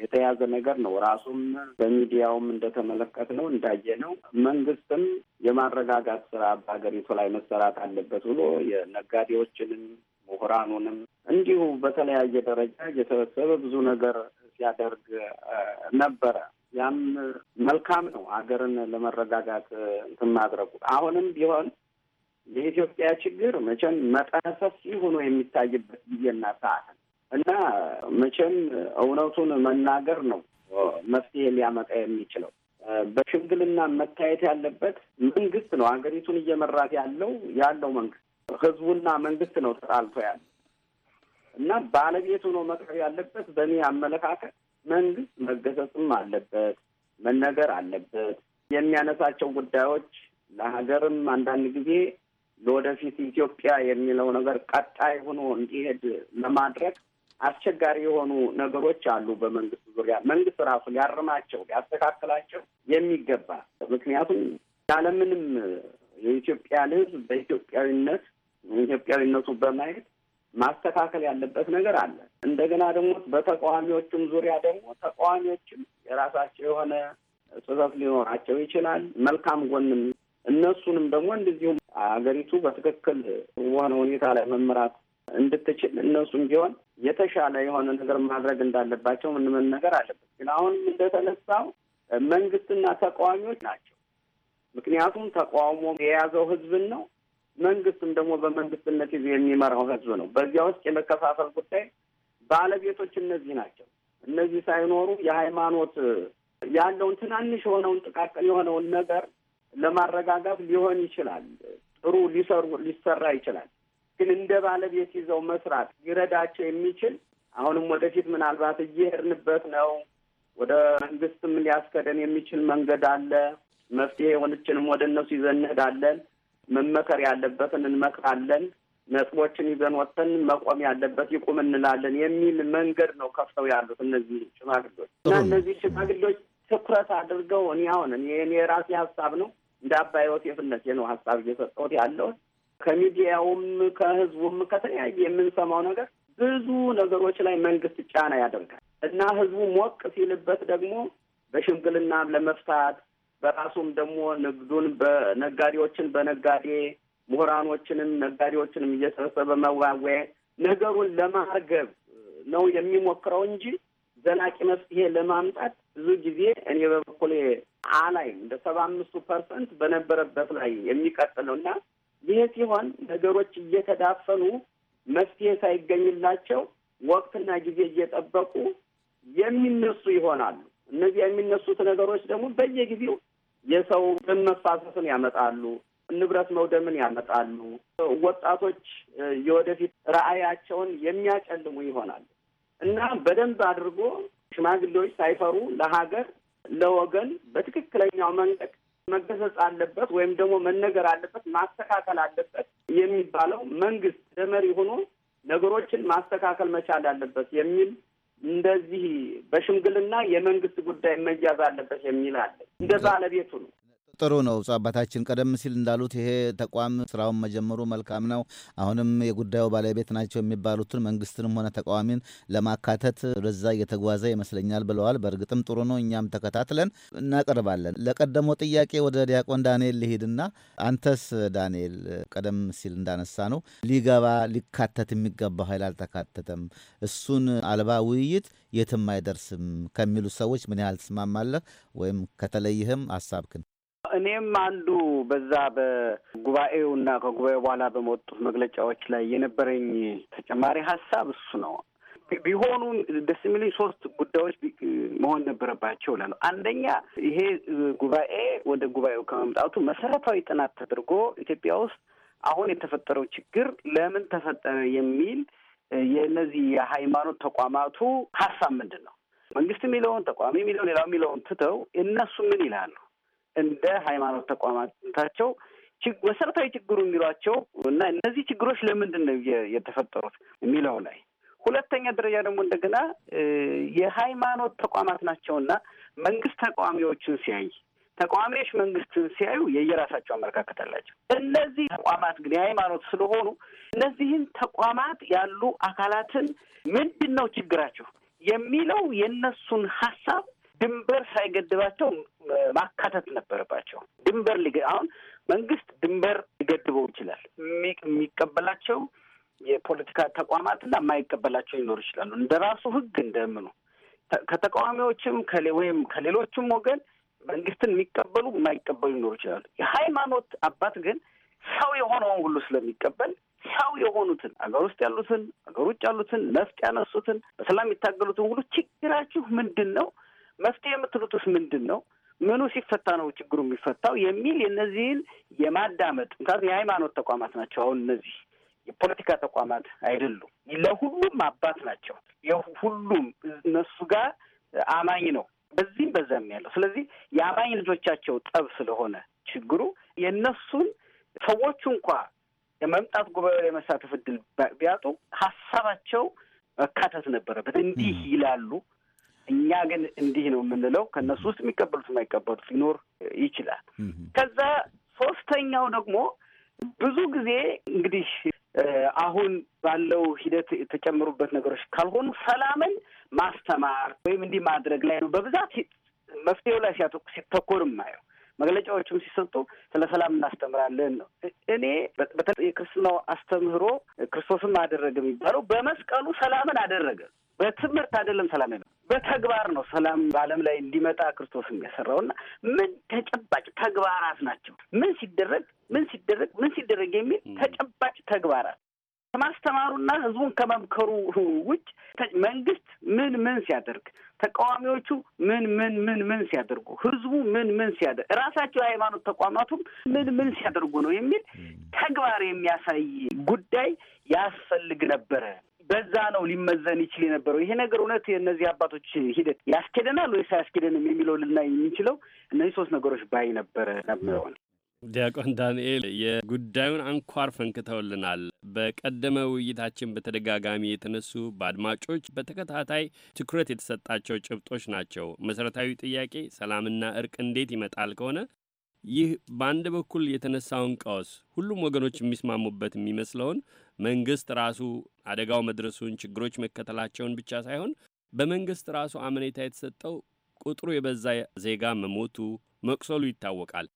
የተያዘ ነገር ነው። ራሱም በሚዲያውም እንደተመለከት ነው እንዳየ ነው። መንግስትም የማረጋጋት ስራ በሀገሪቱ ላይ መሰራት አለበት ብሎ የነጋዴዎችንም ምሁራኑንም እንዲሁ በተለያየ ደረጃ የተበሰበ ብዙ ነገር ሲያደርግ ነበረ። ያም መልካም ነው። ሀገርን ለመረጋጋት እንትን ማድረጉ አሁንም ቢሆን የኢትዮጵያ ችግር መቼም መጠነ ሰፊ ሆኖ የሚታይበት ጊዜና ሰዓት እና መቼም እውነቱን መናገር ነው መፍትሄ ሊያመጣ የሚችለው። በሽምግልና መታየት ያለበት መንግስት ነው። ሀገሪቱን እየመራት ያለው ያለው መንግስት ህዝቡና መንግስት ነው ተጣልቶ ያለ እና ባለቤት ሆኖ መቅረብ ያለበት በእኔ አመለካከት መንግስት መገሰጽም አለበት፣ መነገር አለበት። የሚያነሳቸው ጉዳዮች ለሀገርም አንዳንድ ጊዜ ለወደፊት ኢትዮጵያ የሚለው ነገር ቀጣይ ሆኖ እንዲሄድ ለማድረግ አስቸጋሪ የሆኑ ነገሮች አሉ። በመንግስት ዙሪያ መንግስት ራሱ ሊያርማቸው ሊያስተካክላቸው የሚገባ ምክንያቱም ያለምንም የኢትዮጵያን ሕዝብ በኢትዮጵያዊነት ኢትዮጵያዊነቱ በማየት ማስተካከል ያለበት ነገር አለ። እንደገና ደግሞ በተቃዋሚዎችም ዙሪያ ደግሞ ተቃዋሚዎችም የራሳቸው የሆነ ጽፈት ሊኖራቸው ይችላል። መልካም ጎንም እነሱንም ደግሞ እንደዚሁም አገሪቱ በትክክል በሆነ ሁኔታ ላይ መምራት እንድትችል እነሱም ቢሆን የተሻለ የሆነ ነገር ማድረግ እንዳለባቸው ምንምን ነገር አለበት። ግን አሁንም እንደተነሳው መንግስትና ተቃዋሚዎች ናቸው። ምክንያቱም ተቃውሞ የያዘው ህዝብን ነው መንግስትም ደግሞ በመንግስትነት ይዞ የሚመራው ህዝብ ነው። በዚያ ውስጥ የመከፋፈል ጉዳይ ባለቤቶች እነዚህ ናቸው። እነዚህ ሳይኖሩ የሃይማኖት ያለውን ትናንሽ የሆነውን ጥቃቅን የሆነውን ነገር ለማረጋጋት ሊሆን ይችላል፣ ጥሩ ሊሰሩ ሊሰራ ይችላል። ግን እንደ ባለቤት ይዘው መስራት ሊረዳቸው የሚችል አሁንም ወደፊት ምናልባት እየሄድንበት ነው። ወደ መንግስትም ሊያስከደን የሚችል መንገድ አለ። መፍትሄ የሆነችንም ወደ እነሱ ይዘን እንሄዳለን። መመከር ያለበትን እንመክራለን፣ ነጥቦችን ይዘን ወጥተን መቆም ያለበት ይቁም እንላለን የሚል መንገድ ነው ከፍተው ያሉት እነዚህ ሽማግሌዎች እና እነዚህ ሽማግሌዎች ትኩረት አድርገው እኔ አሁን እኔ የራሴ ሀሳብ ነው እንደ አባይ ወቴፍነት ነው ሀሳብ እየሰጠሁት ያለሁት ከሚዲያውም ከህዝቡም ከተለያየ የምንሰማው ነገር ብዙ ነገሮች ላይ መንግስት ጫና ያደርጋል እና ህዝቡ ሞቅ ሲልበት ደግሞ በሽምግልና ለመፍታት በራሱም ደግሞ ንግዱን በነጋዴዎችን በነጋዴ ምሁራኖችንም ነጋዴዎችንም እየሰበሰበ መዋወያየት ነገሩን ለማርገብ ነው የሚሞክረው እንጂ ዘላቂ መፍትሄ ለማምጣት ብዙ ጊዜ እኔ በበኩሌ አላይ እንደ ሰባ አምስቱ ፐርሰንት በነበረበት ላይ የሚቀጥለው እና ይህ ሲሆን ነገሮች እየተዳፈኑ መፍትሄ ሳይገኝላቸው ወቅትና ጊዜ እየጠበቁ የሚነሱ ይሆናሉ። እነዚህ የሚነሱት ነገሮች ደግሞ በየጊዜው የሰው ደም መፋሰስን ያመጣሉ፣ ንብረት መውደምን ያመጣሉ። ወጣቶች የወደፊት ራዕያቸውን የሚያጨልሙ ይሆናል እና በደንብ አድርጎ ሽማግሌዎች ሳይፈሩ ለሀገር ለወገን በትክክለኛው መንገድ መገሰጽ አለበት ወይም ደግሞ መነገር አለበት ማስተካከል አለበት የሚባለው መንግስት ደመሪ ሆኖ ነገሮችን ማስተካከል መቻል አለበት የሚል እንደዚህ በሽምግልና የመንግስት ጉዳይ መያዝ አለበት የሚል አለ። እንደ ባለቤቱ ነው። ጥሩ ነው። አባታችን ቀደም ሲል እንዳሉት ይሄ ተቋም ስራውን መጀመሩ መልካም ነው። አሁንም የጉዳዩ ባለቤት ናቸው የሚባሉትን መንግስትንም ሆነ ተቃዋሚን ለማካተት ወደዛ እየተጓዘ ይመስለኛል ብለዋል። በእርግጥም ጥሩ ነው። እኛም ተከታትለን እናቀርባለን። ለቀደሞ ጥያቄ ወደ ዲያቆን ዳንኤል ልሂድና አንተስ ዳንኤል ቀደም ሲል እንዳነሳ ነው ሊገባ ሊካተት የሚገባው ኃይል አልተካተተም፣ እሱን አልባ ውይይት የትም አይደርስም ከሚሉ ሰዎች ምን ያህል ትስማማለህ? ወይም ከተለይህም ሀሳብክን እኔም አንዱ በዛ በጉባኤው እና ከጉባኤው በኋላ በመወጡት መግለጫዎች ላይ የነበረኝ ተጨማሪ ሀሳብ እሱ ነው። ቢሆኑ ደስ የሚለኝ ሶስት ጉዳዮች መሆን ነበረባቸው ይላሉ። አንደኛ ይሄ ጉባኤ ወደ ጉባኤው ከመምጣቱ መሰረታዊ ጥናት ተደርጎ ኢትዮጵያ ውስጥ አሁን የተፈጠረው ችግር ለምን ተፈጠረ የሚል የእነዚህ የሃይማኖት ተቋማቱ ሀሳብ ምንድን ነው? መንግስት የሚለውን ተቋሚ የሚለውን ሌላው የሚለውን ትተው እነሱ ምን ይላሉ እንደ ሃይማኖት ተቋማታቸው መሰረታዊ ችግሩ የሚሏቸው እና እነዚህ ችግሮች ለምንድን ነው የተፈጠሩት የሚለው ላይ ሁለተኛ ደረጃ ደግሞ እንደገና የሃይማኖት ተቋማት ናቸውና መንግስት ተቃዋሚዎችን ሲያይ ተቃዋሚዎች መንግስትን ሲያዩ የየራሳቸው አመለካከት አላቸው። እነዚህ ተቋማት ግን የሃይማኖት ስለሆኑ እነዚህን ተቋማት ያሉ አካላትን ምንድን ነው ችግራቸው የሚለው የእነሱን ሀሳብ ድንበር ሳይገድባቸው ማካተት ነበረባቸው። ድንበር ሊገ አሁን መንግስት ድንበር ሊገድበው ይችላል። የሚቀበላቸው የፖለቲካ ተቋማትና የማይቀበላቸው ሊኖሩ ይችላሉ። እንደ ራሱ ህግ እንደምኑ ከተቃዋሚዎችም ወይም ከሌሎችም ወገን መንግስትን የሚቀበሉ የማይቀበሉ ሊኖሩ ይችላሉ። የሃይማኖት አባት ግን ሰው የሆነውን ሁሉ ስለሚቀበል ሰው የሆኑትን አገር ውስጥ ያሉትን አገር ውጭ ያሉትን ነፍጥ ያነሱትን በሰላም የታገሉትን ሁሉ ችግራችሁ ምንድን ነው መፍትሄ የምትሉትስ ምንድን ነው? ምኑ ሲፈታ ነው ችግሩ የሚፈታው የሚል የእነዚህን የማዳመጥ ምክንያቱም የሃይማኖት ተቋማት ናቸው። አሁን እነዚህ የፖለቲካ ተቋማት አይደሉም። ለሁሉም አባት ናቸው። የሁሉም እነሱ ጋር አማኝ ነው በዚህም በዛም ያለው። ስለዚህ የአማኝ ልጆቻቸው ጠብ ስለሆነ ችግሩ የእነሱን ሰዎቹ እንኳ የመምጣት ጉባኤ የመሳተፍ እድል ቢያጡ ሀሳባቸው መካተት ነበረበት። እንዲህ ይላሉ እኛ ግን እንዲህ ነው የምንለው። ከእነሱ ውስጥ የሚቀበሉት የማይቀበሉት ሊኖር ይችላል። ከዛ ሶስተኛው ደግሞ ብዙ ጊዜ እንግዲህ አሁን ባለው ሂደት የተጨመሩበት ነገሮች ካልሆኑ ሰላምን ማስተማር ወይም እንዲህ ማድረግ ላይ ነው በብዛት መፍትሄው ላይ ሲተኮር የማየው። መግለጫዎችም ሲሰጡ ስለ ሰላም እናስተምራለን ነው። እኔ በተለ የክርስትናው አስተምህሮ ክርስቶስን አደረገ የሚባለው በመስቀሉ ሰላምን አደረገ፣ በትምህርት አይደለም ሰላም በተግባር ነው ሰላም በዓለም ላይ እንዲመጣ ክርስቶስ የሚያሰራው እና ምን ተጨባጭ ተግባራት ናቸው? ምን ሲደረግ ምን ሲደረግ ምን ሲደረግ የሚል ተጨባጭ ተግባራት ከማስተማሩና ህዝቡን ከመምከሩ ውጭ መንግስት ምን ምን ሲያደርግ፣ ተቃዋሚዎቹ ምን ምን ምን ምን ሲያደርጉ፣ ህዝቡ ምን ምን ሲያደርግ፣ ራሳቸው የሃይማኖት ተቋማቱም ምን ምን ሲያደርጉ ነው የሚል ተግባር የሚያሳይ ጉዳይ ያስፈልግ ነበረ። በዛ ነው ሊመዘን ይችል የነበረው። ይሄ ነገር እውነት የእነዚህ አባቶች ሂደት ያስኬደናል ወይስ አያስኬደንም የሚለው ልናይ የምንችለው እነዚህ ሶስት ነገሮች ባይ ነበረ ነበረሆነ ዲያቆን ዳንኤል የጉዳዩን አንኳር ፈንክተውልናል። በቀደመ ውይይታችን በተደጋጋሚ የተነሱ በአድማጮች በተከታታይ ትኩረት የተሰጣቸው ጭብጦች ናቸው። መሰረታዊ ጥያቄ ሰላምና እርቅ እንዴት ይመጣል ከሆነ ይህ በአንድ በኩል የተነሳውን ቀውስ ሁሉም ወገኖች የሚስማሙበት የሚመስለውን መንግስት ራሱ አደጋው መድረሱን ችግሮች መከተላቸውን ብቻ ሳይሆን በመንግስት ራሱ አመኔታ የተሰጠው ቁጥሩ የበዛ ዜጋ መሞቱ መቁሰሉ ይታወቃል።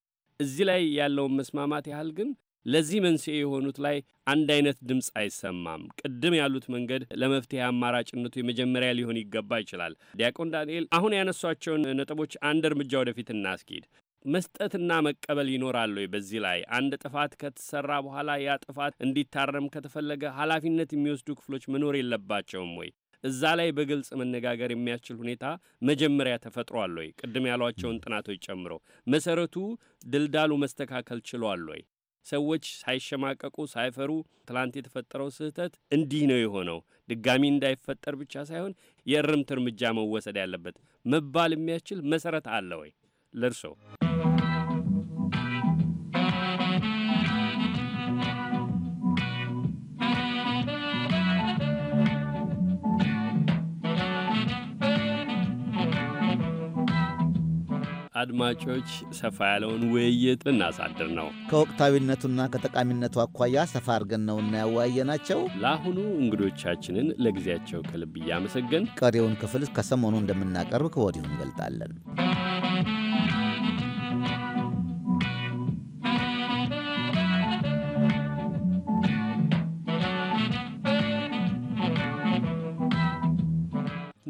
እዚህ ላይ ያለውን መስማማት ያህል ግን ለዚህ መንስኤ የሆኑት ላይ አንድ አይነት ድምፅ አይሰማም። ቅድም ያሉት መንገድ ለመፍትሄ አማራጭነቱ የመጀመሪያ ሊሆን ይገባ ይችላል። ዲያቆን ዳንኤል አሁን ያነሷቸውን ነጥቦች አንድ እርምጃ ወደፊት እናስኪድ። መስጠትና መቀበል ይኖራል ወይ? በዚህ ላይ አንድ ጥፋት ከተሰራ በኋላ ያ ጥፋት እንዲታረም ከተፈለገ ኃላፊነት የሚወስዱ ክፍሎች መኖር የለባቸውም ወይ? እዛ ላይ በግልጽ መነጋገር የሚያስችል ሁኔታ መጀመሪያ ተፈጥሯል ወይ? ቅድም ያሏቸውን ጥናቶች ጨምሮ መሰረቱ ድልዳሉ መስተካከል ችሏል ወይ? ሰዎች ሳይሸማቀቁ ሳይፈሩ ትላንት የተፈጠረው ስህተት እንዲህ ነው የሆነው ድጋሚ እንዳይፈጠር ብቻ ሳይሆን የእርምት እርምጃ መወሰድ ያለበት መባል የሚያስችል መሰረት አለ ወይ ለእርሶ? አድማጮች ሰፋ ያለውን ውይይት ልናሳድር ነው። ከወቅታዊነቱና ከጠቃሚነቱ አኳያ ሰፋ አድርገን ነው እናያወያየ ናቸው። ለአሁኑ እንግዶቻችንን ለጊዜያቸው ከልብ እያመሰገን ቀሪውን ክፍል ከሰሞኑ እንደምናቀርብ ከወዲሁ እንገልጣለን።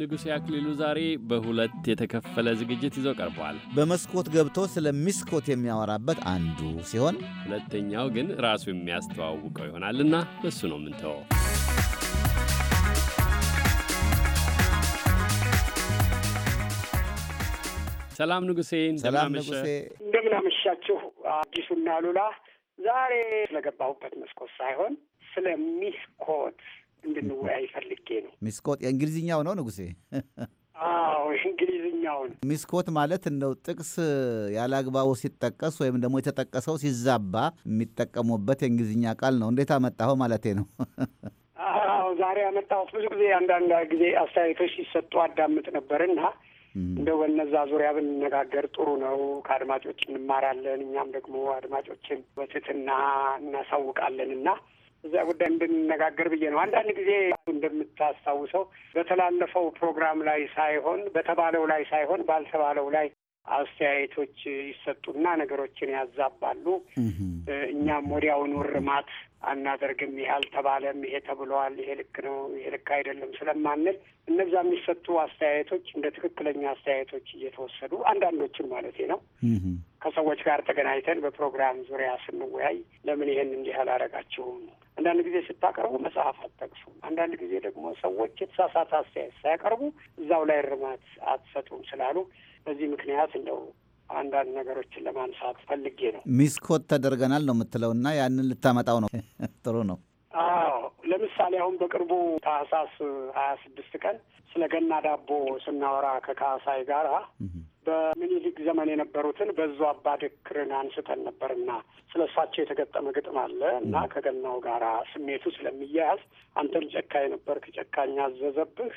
ንጉሴ አክሊሉ ዛሬ በሁለት የተከፈለ ዝግጅት ይዞ ቀርቧል። በመስኮት ገብቶ ስለ ሚስኮት የሚያወራበት አንዱ ሲሆን፣ ሁለተኛው ግን ራሱ የሚያስተዋውቀው ይሆናልና እሱ ነው ምንተው ሰላም ንጉሴ፣ እንደምን አዲሱና ሉላ። ዛሬ ስለገባሁበት መስኮት ሳይሆን ስለ ሚስኮት እንድንወያይ ፈልጌ ነው። ሚስኮት የእንግሊዝኛው ነው ንጉሴ? አዎ እንግሊዝኛውን። ሚስኮት ማለት እንደው ጥቅስ ያለአግባቡ ሲጠቀስ ወይም ደግሞ የተጠቀሰው ሲዛባ የሚጠቀሙበት የእንግሊዝኛ ቃል ነው። እንዴት አመጣኸው ማለቴ ነው። አዎ ዛሬ አመጣሁት። ብዙ ጊዜ አንዳንድ ጊዜ አስተያየቶች ሲሰጡ አዳምጥ ነበርና እንደው በነዛ ዙሪያ ብንነጋገር ጥሩ ነው። ከአድማጮች እንማራለን፣ እኛም ደግሞ አድማጮችን በትህትና እናሳውቃለን እና እዚያ ጉዳይ እንድንነጋገር ብዬ ነው። አንዳንድ ጊዜ እንደምታስታውሰው በተላለፈው ፕሮግራም ላይ ሳይሆን በተባለው ላይ ሳይሆን ባልተባለው ላይ አስተያየቶች ይሰጡና ነገሮችን ያዛባሉ። እኛም ወዲያውኑ እርማት አናደርግም። ይሄ አልተባለም፣ ይሄ ተብለዋል፣ ይሄ ልክ ነው፣ ይሄ ልክ አይደለም ስለማንል እነዛ የሚሰጡ አስተያየቶች እንደ ትክክለኛ አስተያየቶች እየተወሰዱ አንዳንዶቹን ማለት ነው ከሰዎች ጋር ተገናኝተን በፕሮግራም ዙሪያ ስንወያይ ለምን ይሄን እንዲህ አላረጋችሁም አንዳንድ ጊዜ ስታቀርቡ መጽሐፍ አትጠቅሱ። አንዳንድ ጊዜ ደግሞ ሰዎች የተሳሳተ አስተያየት ሳያቀርቡ እዛው ላይ እርማት አትሰጡም ስላሉ በዚህ ምክንያት እንደው አንዳንድ ነገሮችን ለማንሳት ፈልጌ ነው። ሚስኮት ተደርገናል ነው የምትለው እና ያንን ልታመጣው ነው። ጥሩ ነው። አዎ ለምሳሌ አሁን በቅርቡ ታህሳስ ሀያ ስድስት ቀን ስለ ገና ዳቦ ስናወራ ከካሳይ ጋራ በምኒልክ ዘመን የነበሩትን በዙ አባድክርን አንስተን ነበርና ስለ እሳቸው የተገጠመ ግጥም አለ እና ከገናው ጋር ስሜቱ ስለሚያያዝ አንተም ጨካኝ ነበርክ፣ ጨካኝ አዘዘብህ፣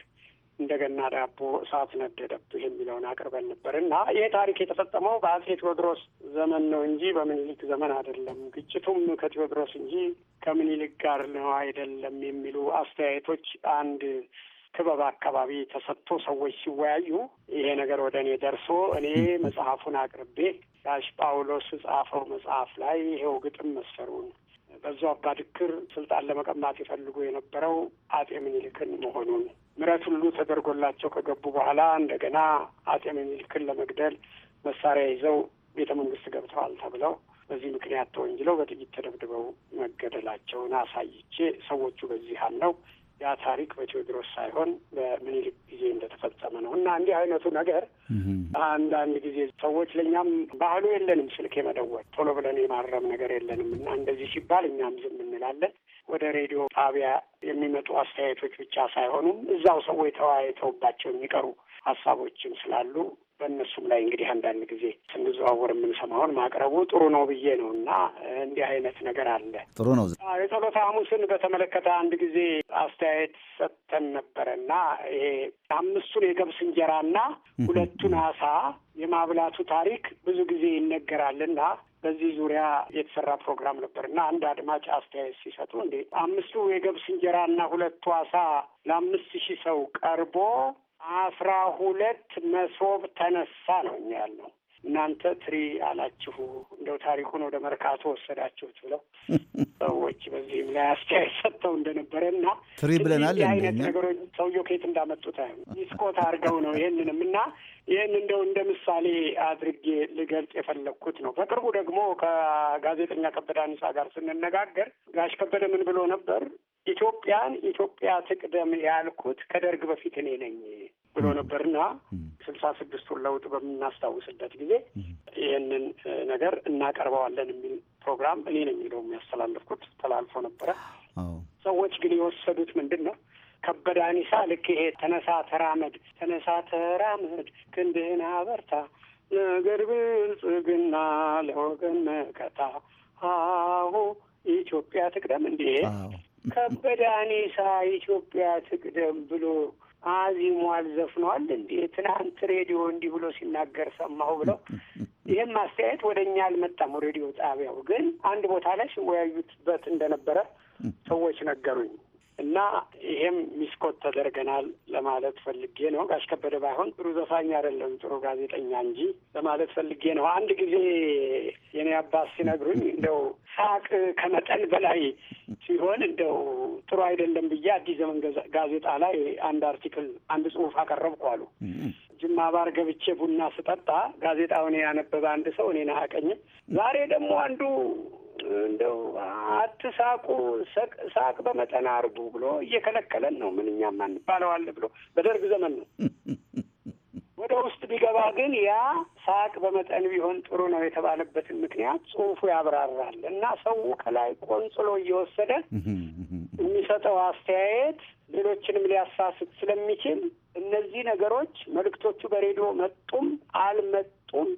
እንደገና ዳቦ እሳት ነደደብህ የሚለውን አቅርበን ነበር እና ይሄ ታሪክ የተፈጸመው በአጼ ቴዎድሮስ ዘመን ነው እንጂ በምኒልክ ዘመን አይደለም፣ ግጭቱም ከቴዎድሮስ እንጂ ከምኒልክ ጋር ነው አይደለም የሚሉ አስተያየቶች አንድ ክበብ አካባቢ ተሰጥቶ ሰዎች ሲወያዩ ይሄ ነገር ወደ እኔ ደርሶ እኔ መጽሐፉን አቅርቤ ጋሽ ጳውሎስ ጻፈው መጽሐፍ ላይ ይሄው ግጥም መስፈሩን በዛ አባድክር ስልጣን ለመቀማት የፈልጉ የነበረው አጤ ምኒልክን መሆኑን ምረት ሁሉ ተደርጎላቸው ከገቡ በኋላ እንደገና አጤ ምኒልክን ለመግደል መሳሪያ ይዘው ቤተ መንግስት ገብተዋል ተብለው በዚህ ምክንያት ተወንጅለው በጥይት ተደብድበው መገደላቸውን አሳይቼ ሰዎቹ በዚህ አለው ያ ታሪክ በቴዎድሮስ ሳይሆን በምኒልክ ጊዜ እንደተፈጸመ ነው እና እንዲህ አይነቱ ነገር አንዳንድ ጊዜ ሰዎች ለእኛም ባህሉ የለንም፣ ስልክ የመደወል ቶሎ ብለን የማረም ነገር የለንም እና እንደዚህ ሲባል እኛም ዝም እንላለን። ወደ ሬዲዮ ጣቢያ የሚመጡ አስተያየቶች ብቻ ሳይሆኑም እዛው ሰዎች ተወያይተውባቸው የሚቀሩ ሀሳቦችም ስላሉ በእነሱም ላይ እንግዲህ አንዳንድ ጊዜ ስንዘዋወር የምንሰማውን ማቅረቡ ጥሩ ነው ብዬ ነው እና እንዲህ አይነት ነገር አለ። ጥሩ ነው። የጸሎተ ሐሙስን በተመለከተ አንድ ጊዜ አስተያየት ሰጥተን ነበረ እና ይሄ አምስቱን የገብስ እንጀራና ሁለቱን አሳ የማብላቱ ታሪክ ብዙ ጊዜ ይነገራል እና በዚህ ዙሪያ የተሰራ ፕሮግራም ነበር እና አንድ አድማጭ አስተያየት ሲሰጡ እንዴ አምስቱ የገብስ እንጀራ እና ሁለቱ አሳ ለአምስት ሺህ ሰው ቀርቦ አስራ ሁለት መሶብ ተነሳ ነው ያለው እናንተ ትሪ አላችሁ እንደው ታሪኩን ወደ መርካቶ ወሰዳችሁት ብለው ሰዎች በዚህም ላይ አስተያየት ሰጥተው እንደነበረ እና ትሪ ብለናል አይነት ነገሮች ሰውየው ከየት እንዳመጡት ይስቆት አድርገው ነው ይህንንም እና ይህን እንደው እንደ ምሳሌ አድርጌ ልገልጽ የፈለግኩት ነው። በቅርቡ ደግሞ ከጋዜጠኛ ከበደ አንሳ ጋር ስንነጋገር ጋሽ ከበደ ምን ብሎ ነበር? ኢትዮጵያን ኢትዮጵያ ትቅደም ያልኩት ከደርግ በፊት እኔ ነኝ ብሎ ነበርና ስልሳ ስድስቱን ለውጥ በምናስታውስበት ጊዜ ይህንን ነገር እናቀርበዋለን የሚል ፕሮግራም እኔ ነው የሚለው የሚያስተላልፍኩት ተላልፎ ነበረ። ሰዎች ግን የወሰዱት ምንድን ነው ከበደ አኒሳ ልክ ይሄ ተነሳ ተራመድ፣ ተነሳ ተራመድ፣ ክንድህን አበርታ፣ ነገር ብልጽግና ለወገን መከታ፣ አሁ ኢትዮጵያ ትቅደም እንዲህ ከበደ አኒሳ ኢትዮጵያ ትቅደም ብሎ አዚሟል፣ ዘፍኗል። እንዲህ ትናንት ሬዲዮ እንዲህ ብሎ ሲናገር ሰማሁ ብለው ይህም አስተያየት ወደ እኛ አልመጣም። ሬዲዮ ጣቢያው ግን አንድ ቦታ ላይ ሲወያዩትበት እንደነበረ ሰዎች ነገሩኝ። እና ይሄም ሚስኮት ተደርገናል ለማለት ፈልጌ ነው። ጋሽ ከበደ ባይሆን ጥሩ ዘፋኝ አይደለም ጥሩ ጋዜጠኛ እንጂ ለማለት ፈልጌ ነው። አንድ ጊዜ የኔ አባት ሲነግሩኝ እንደው ሳቅ ከመጠን በላይ ሲሆን እንደው ጥሩ አይደለም ብዬ አዲስ ዘመን ጋዜጣ ላይ አንድ አርቲክል አንድ ጽሁፍ አቀረብኩ አሉ። ጅማ ባር ገብቼ ቡና ስጠጣ ጋዜጣውን ያነበበ አንድ ሰው እኔን አያውቀኝም። ዛሬ ደግሞ አንዱ እንደው አትሳቁ፣ ሳቅ በመጠን አርጉ ብሎ እየከለከለን ነው። ምንኛ ማን ባለዋል ብሎ በደርግ ዘመን ነው። ወደ ውስጥ ቢገባ ግን ያ ሳቅ በመጠን ቢሆን ጥሩ ነው የተባለበትን ምክንያት ጽሁፉ ያብራራል እና ሰው ከላይ ቆንጽሎ እየወሰደ የሚሰጠው አስተያየት ሌሎችንም ሊያሳስት ስለሚችል እነዚህ ነገሮች መልእክቶቹ በሬዲዮ መጡም አልመጡም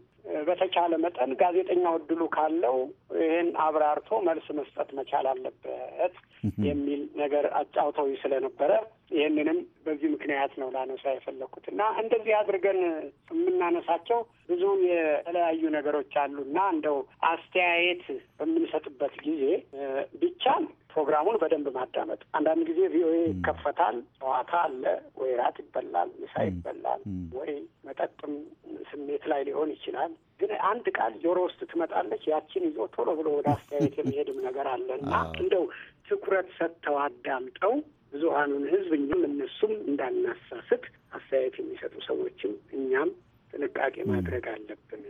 በተቻለ መጠን ጋዜጠኛው እድሉ ካለው ይህን አብራርቶ መልስ መስጠት መቻል አለበት የሚል ነገር አጫውተው ስለነበረ ይህንንም በዚህ ምክንያት ነው ላነሳ የፈለግኩት እና እንደዚህ አድርገን የምናነሳቸው ብዙ የተለያዩ ነገሮች እና እንደው አስተያየት በምንሰጥበት ጊዜ ቢቻል ፕሮግራሙን በደንብ ማዳመጥ። አንዳንድ ጊዜ ቪኦኤ ይከፈታል፣ ጨዋታ አለ፣ ወይ ራት ይበላል፣ ምሳ ይበላል፣ ወይ መጠጥም ስሜት ላይ ሊሆን ይችላል። ግን አንድ ቃል ጆሮ ውስጥ ትመጣለች። ያችን ይዞ ቶሎ ብሎ ወደ አስተያየት የሚሄድም ነገር አለ እና እንደው ትኩረት ሰጥተው አዳምጠው ብዙሀኑን ህዝብ እኛም እነሱም እንዳናሳስት አስተያየት የሚሰጡ ሰዎችም እኛም ጥንቃቄ ማድረግ አለብን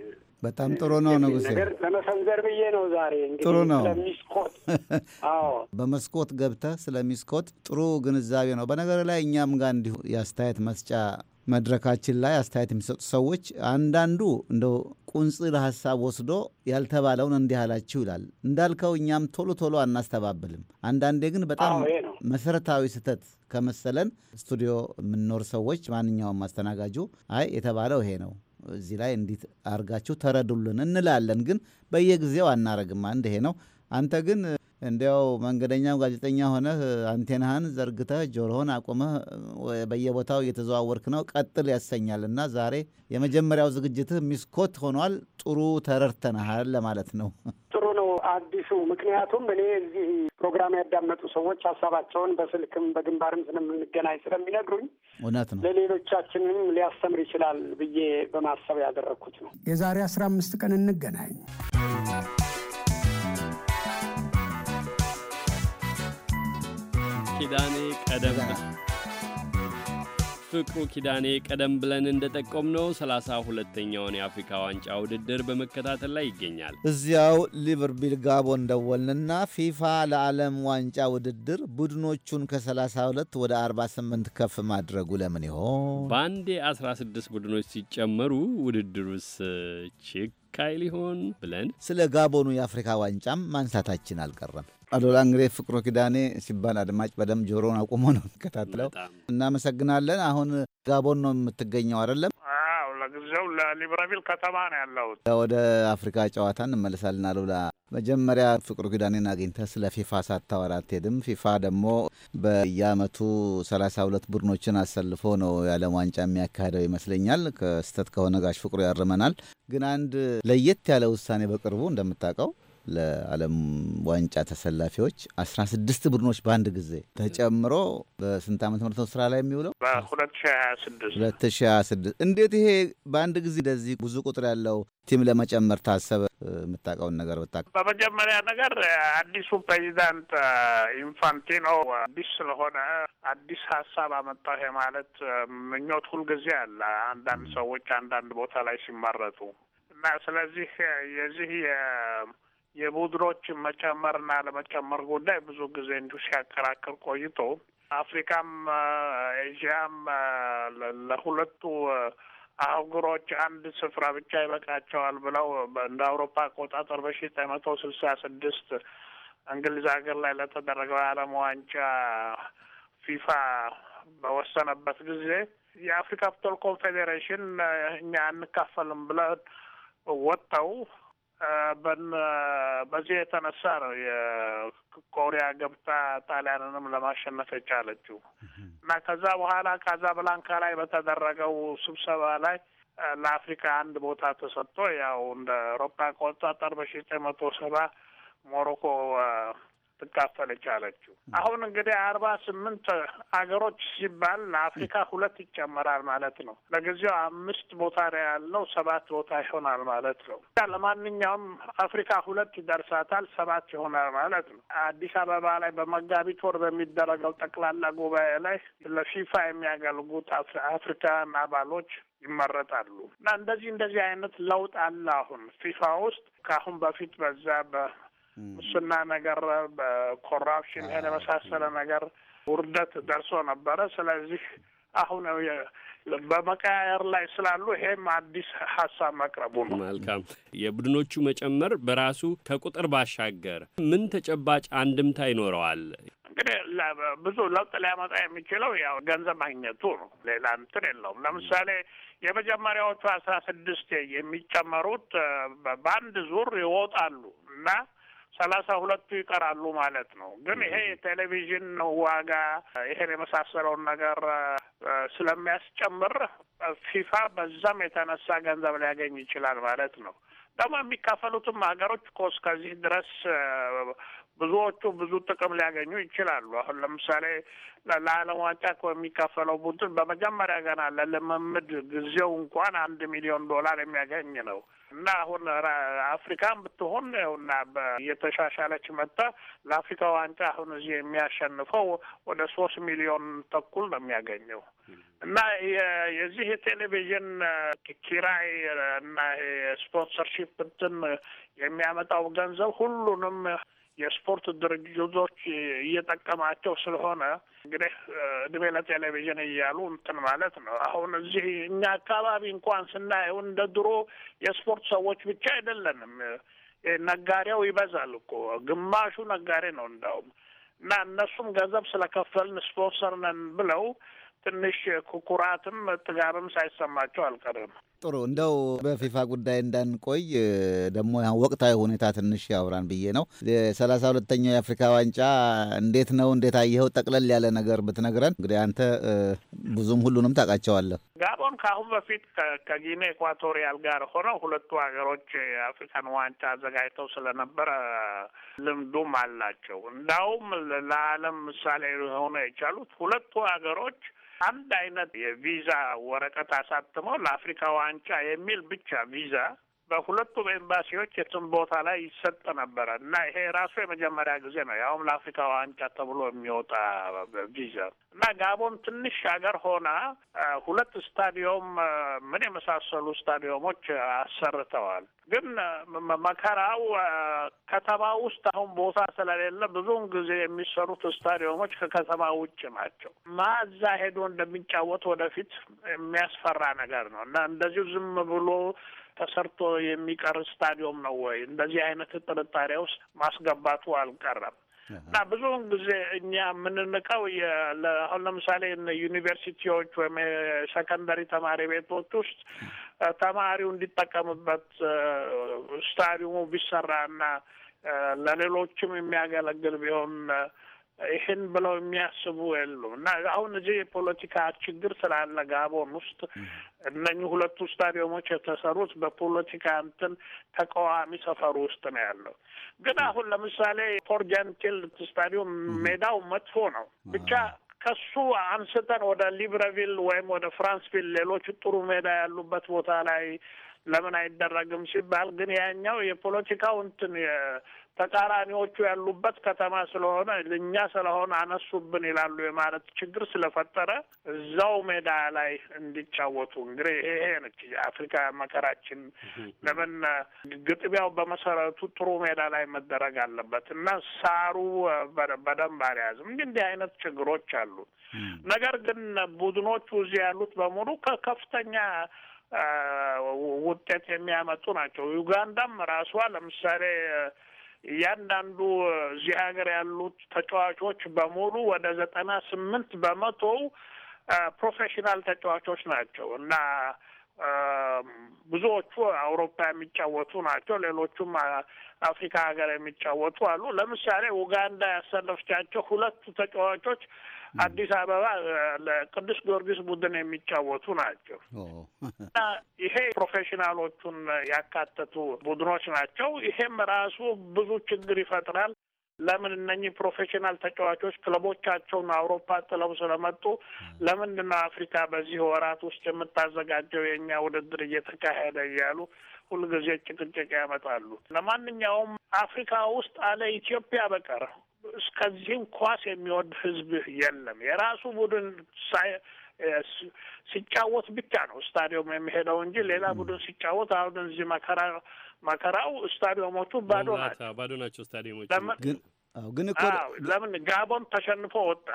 በጣም ጥሩ ነው ንጉሴ። ነገር ለመሰንዘር ብዬ ነው ዛሬ እንግዲህ ጥሩ ነው። ስለሚስኮት አዎ፣ በመስኮት ገብተህ ስለሚስኮት ጥሩ ግንዛቤ ነው። በነገር ላይ እኛም ጋር እንዲሁ የአስተያየት መስጫ መድረካችን ላይ አስተያየት የሚሰጡ ሰዎች አንዳንዱ እንደው ቁንጽል ሀሳብ ወስዶ ያልተባለውን እንዲህ አላችሁ ይላል። እንዳልከው እኛም ቶሎ ቶሎ አናስተባብልም። አንዳንዴ ግን በጣም መሰረታዊ ስህተት ከመሰለን ስቱዲዮ የምንኖር ሰዎች ማንኛውም አስተናጋጁ አይ የተባለው ይሄ ነው እዚህ ላይ እንዲት አርጋችሁ ተረዱልን እንላለን፣ ግን በየጊዜው አናረግም። አንድ ነው። አንተ ግን እንዲያው መንገደኛው ጋዜጠኛ ሆነህ አንቴናህን ዘርግተህ ጆሮህን አቁመህ በየቦታው እየተዘዋወርክ ነው። ቀጥል ያሰኛል። እና ዛሬ የመጀመሪያው ዝግጅትህ ሚስኮት ሆኗል። ጥሩ ተረድተናሃል ለማለት ነው። አዲሱ። ምክንያቱም እኔ እዚህ ፕሮግራም ያዳመጡ ሰዎች ሀሳባቸውን በስልክም በግንባርም ስለምንገናኝ ስለሚነግሩኝ እውነት ነው፣ ለሌሎቻችንም ሊያስተምር ይችላል ብዬ በማሰብ ያደረግኩት ነው። የዛሬ አስራ አምስት ቀን እንገናኝ። ኪዳኔ ቀደም ፍቅሩ ኪዳኔ ቀደም ብለን እንደጠቆምነው ሰላሳ ሁለተኛውን የአፍሪካ ዋንጫ ውድድር በመከታተል ላይ ይገኛል። እዚያው ሊቨርፑል ጋቦን ደወልንና ፊፋ ለዓለም ዋንጫ ውድድር ቡድኖቹን ከ32 ወደ 48 ከፍ ማድረጉ ለምን ይሆን? በአንዴ 16 ቡድኖች ሲጨመሩ ውድድሩስ ችካይ ሊሆን ብለን ስለ ጋቦኑ የአፍሪካ ዋንጫም ማንሳታችን አልቀረም። አዶላ እንግዲህ ፍቅሮ ኪዳኔ ሲባል አድማጭ በደም ጆሮን አቁሞ ነው የሚከታተለው። እናመሰግናለን። አሁን ጋቦን ነው የምትገኘው አይደለም? ለጊዜው ለሊብረቪል ከተማ ነው ያለሁት። ወደ አፍሪካ ጨዋታ እንመለሳለን። አሉላ መጀመሪያ ፍቅሩ ኪዳኔን አግኝተ ስለ ፊፋ ሳታወራ አትሄድም። ፊፋ ደግሞ በየአመቱ ሰላሳ ሁለት ቡድኖችን አሰልፎ ነው የዓለም ዋንጫ የሚያካሂደው ይመስለኛል። ከስህተት ከሆነ ጋሽ ፍቅሩ ያርመናል። ግን አንድ ለየት ያለ ውሳኔ በቅርቡ እንደምታውቀው ለዓለም ዋንጫ ተሰላፊዎች አስራ ስድስት ቡድኖች በአንድ ጊዜ ተጨምሮ በስንት ዓመት ምርት ነው ስራ ላይ የሚውለው? በሁለት ሺህ ሀያ ስድስት ሁለት ሺህ ሀያ ስድስት እንዴት ይሄ በአንድ ጊዜ እንደዚህ ብዙ ቁጥር ያለው ቲም ለመጨመር ታሰበ? የምታውቀውን ነገር ብታ በመጀመሪያ ነገር አዲሱ ፕሬዚዳንት ኢንፋንቲኖ አዲስ ስለሆነ አዲስ ሀሳብ አመጣሁ ማለት ምኞት ሁልጊዜ አለ አንዳንድ ሰዎች አንዳንድ ቦታ ላይ ሲመረጡ እና ስለዚህ የዚህ የቡድኖች መጨመርና ለመጨመር ጉዳይ ብዙ ጊዜ እንዲሁ ሲያከራክር ቆይቶ አፍሪካም ኤዥያም ለሁለቱ አህጉሮች አንድ ስፍራ ብቻ ይበቃቸዋል ብለው እንደ አውሮፓ አቆጣጠር በሺ ዘጠኝ መቶ ስልሳ ስድስት እንግሊዝ ሀገር ላይ ለተደረገው የዓለም ዋንጫ ፊፋ በወሰነበት ጊዜ የአፍሪካ ፉትቦል ኮንፌዴሬሽን እኛ አንካፈልም ብለን ወጥተው በዚህ የተነሳ ነው የኮሪያ ገብታ ጣሊያንንም ለማሸነፍ የቻለችው እና ከዛ በኋላ ካዛብላንካ ላይ በተደረገው ስብሰባ ላይ ለአፍሪካ አንድ ቦታ ተሰጥቶ ያው እንደ አውሮፓ አቆጣጠር በሺ ዘጠኝ መቶ ሰባ ሞሮኮ ትካፈለች አለችው። አሁን እንግዲህ አርባ ስምንት አገሮች ሲባል ለአፍሪካ ሁለት ይጨመራል ማለት ነው። ለጊዜው አምስት ቦታ ላይ ያለው፣ ሰባት ቦታ ይሆናል ማለት ነው። ለማንኛውም አፍሪካ ሁለት ይደርሳታል፣ ሰባት ይሆናል ማለት ነው። አዲስ አበባ ላይ በመጋቢት ወር በሚደረገው ጠቅላላ ጉባኤ ላይ ለፊፋ የሚያገልጉት አፍሪካን አባሎች ይመረጣሉ እና እንደዚህ እንደዚህ አይነት ለውጥ አለ አሁን ፊፋ ውስጥ ከአሁን በፊት በዛ ሙስና ነገር፣ ኮራፕሽን ይሄን የመሳሰለ ነገር ውርደት ደርሶ ነበረ። ስለዚህ አሁን በመቀያየር ላይ ስላሉ ይሄም አዲስ ሀሳብ መቅረቡ ነው። መልካም። የቡድኖቹ መጨመር በራሱ ከቁጥር ባሻገር ምን ተጨባጭ አንድምታ ይኖረዋል? እንግዲህ ብዙ ለውጥ ሊያመጣ የሚችለው ያው ገንዘብ ማግኘቱ ነው። ሌላ እንትን የለውም። ለምሳሌ የመጀመሪያዎቹ አስራ ስድስት የሚጨመሩት በአንድ ዙር ይወጣሉ እና ሰላሳ ሁለቱ ይቀራሉ ማለት ነው። ግን ይሄ የቴሌቪዥን ዋጋ ይሄን የመሳሰለውን ነገር ስለሚያስጨምር ፊፋ በዛም የተነሳ ገንዘብ ሊያገኝ ይችላል ማለት ነው። ደግሞ የሚካፈሉትም ሀገሮች እኮ እስከዚህ ድረስ ብዙዎቹ ብዙ ጥቅም ሊያገኙ ይችላሉ። አሁን ለምሳሌ ለዓለም ዋንጫ የሚከፈለው ቡድን በመጀመሪያ ገና ለልምምድ ጊዜው እንኳን አንድ ሚሊዮን ዶላር የሚያገኝ ነው እና አሁን አፍሪካን ብትሆን እና እየተሻሻለች መጣ ለአፍሪካ ዋንጫ አሁን እዚህ የሚያሸንፈው ወደ ሶስት ሚሊዮን ተኩል ነው የሚያገኘው እና የዚህ የቴሌቪዥን ኪራይ እና ስፖንሰርሺፕ እንትን የሚያመጣው ገንዘብ ሁሉንም የስፖርት ድርጅቶች እየጠቀማቸው ስለሆነ እንግዲህ እድሜ ለቴሌቪዥን እያሉ እንትን ማለት ነው። አሁን እዚህ እኛ አካባቢ እንኳን ስናየው እንደ ድሮ የስፖርት ሰዎች ብቻ አይደለንም። ነጋዴው ይበዛል እኮ ግማሹ ነጋዴ ነው እንዳውም እና እነሱም ገንዘብ ስለከፈልን ስፖንሰር ነን ብለው ትንሽ ኩኩራትም ጥጋብም ሳይሰማቸው አልቀርም። ጥሩ እንደው በፊፋ ጉዳይ እንዳንቆይ ደግሞ ወቅታዊ ሁኔታ ትንሽ ያውራን ብዬ ነው። የሰላሳ ሁለተኛው የአፍሪካ ዋንጫ እንዴት ነው? እንዴት አየኸው? ጠቅለል ያለ ነገር ብትነግረን። እንግዲህ አንተ ብዙም ሁሉንም ታውቃቸዋለህ። ጋቦን ከአሁን በፊት ከጊኔ ኢኳቶሪያል ጋር ሆነው ሁለቱ ሀገሮች የአፍሪካን ዋንጫ አዘጋጅተው ስለነበረ ልምዱም አላቸው። እንዳውም ለዓለም ምሳሌ ሆነ የቻሉት ሁለቱ ሀገሮች አንድ አይነት የቪዛ ወረቀት አሳትመው ለአፍሪካ ዋንጫ የሚል ብቻ ቪዛ በሁለቱም ኤምባሲዎች የትም ቦታ ላይ ይሰጥ ነበረ እና ይሄ ራሱ የመጀመሪያ ጊዜ ነው ያውም ለአፍሪካ ዋንጫ ተብሎ የሚወጣ ቪዛ እና ጋቦን ትንሽ ሀገር ሆና ሁለት ስታዲዮም ምን የመሳሰሉ ስታዲዮሞች አሰርተዋል። ግን መከራው ከተማ ውስጥ አሁን ቦታ ስለሌለ ብዙውን ጊዜ የሚሰሩት ስታዲዮሞች ከከተማ ውጭ ናቸው። ማዛ ሄዶ እንደሚጫወት ወደፊት የሚያስፈራ ነገር ነው እና እንደዚሁ ዝም ብሎ ተሰርቶ የሚቀር ስታዲየም ነው ወይ? እንደዚህ አይነት ጥርጣሬ ውስጥ ማስገባቱ አልቀረም እና ብዙውን ጊዜ እኛ የምንንቀው አሁን ለምሳሌ ዩኒቨርሲቲዎች ወይም የሰከንደሪ ተማሪ ቤቶች ውስጥ ተማሪው እንዲጠቀምበት ስታዲየሙ ቢሰራ እና ለሌሎችም የሚያገለግል ቢሆን ይህን ብለው የሚያስቡ የሉም እና አሁን እዚህ የፖለቲካ ችግር ስላለ ጋቦን ውስጥ እነኚህ ሁለቱ ስታዲየሞች የተሰሩት በፖለቲካ እንትን ተቃዋሚ ሰፈር ውስጥ ነው ያለው። ግን አሁን ለምሳሌ ፖርት ጀንቲል ስታዲየም ሜዳው መጥፎ ነው ብቻ ከሱ አንስተን ወደ ሊብረቪል ወይም ወደ ፍራንስቪል ሌሎች ጥሩ ሜዳ ያሉበት ቦታ ላይ ለምን አይደረግም ሲባል ግን ያኛው የፖለቲካው እንትን ተቃራኒዎቹ ያሉበት ከተማ ስለሆነ ልኛ ስለሆነ አነሱብን ይላሉ የማለት ችግር ስለፈጠረ እዛው ሜዳ ላይ እንዲጫወቱ እንግዲህ ይሄ ነች አፍሪካ መከራችን። ለምን ግጥሚያው በመሰረቱ ጥሩ ሜዳ ላይ መደረግ አለበት እና ሳሩ በደንብ አልያዝም። እንዲህ አይነት ችግሮች አሉ። ነገር ግን ቡድኖቹ እዚህ ያሉት በሙሉ ከከፍተኛ ውጤት የሚያመጡ ናቸው። ዩጋንዳም ራሷ ለምሳሌ እያንዳንዱ እዚህ ሀገር ያሉት ተጫዋቾች በሙሉ ወደ ዘጠና ስምንት በመቶው ፕሮፌሽናል ተጫዋቾች ናቸው እና ብዙዎቹ አውሮፓ የሚጫወቱ ናቸው። ሌሎቹም አፍሪካ ሀገር የሚጫወቱ አሉ። ለምሳሌ ኡጋንዳ ያሰለፍቻቸው ሁለቱ ተጫዋቾች አዲስ አበባ ለቅዱስ ጊዮርጊስ ቡድን የሚጫወቱ ናቸው እና ይሄ ፕሮፌሽናሎቹን ያካተቱ ቡድኖች ናቸው። ይሄም ራሱ ብዙ ችግር ይፈጥራል። ለምን እነኚህ ፕሮፌሽናል ተጫዋቾች ክለቦቻቸውን አውሮፓ ጥለው ስለመጡ ለምንድን ነው አፍሪካ በዚህ ወራት ውስጥ የምታዘጋጀው የእኛ ውድድር እየተካሄደ እያሉ ሁልጊዜ ጭቅጭቅ ያመጣሉ። ለማንኛውም አፍሪካ ውስጥ አለ ኢትዮጵያ በቀር እስከዚህም ኳስ የሚወድ ህዝብ የለም። የራሱ ቡድን ሲጫወት ብቻ ነው ስታዲየም የሚሄደው እንጂ ሌላ ቡድን ሲጫወት አሁን እዚህ መከራ መከራው ስታዲየሞቹ ባዶ ናቸው፣ ባዶ ናቸው ግን ለምን ጋቦን ተሸንፎ ወጣ?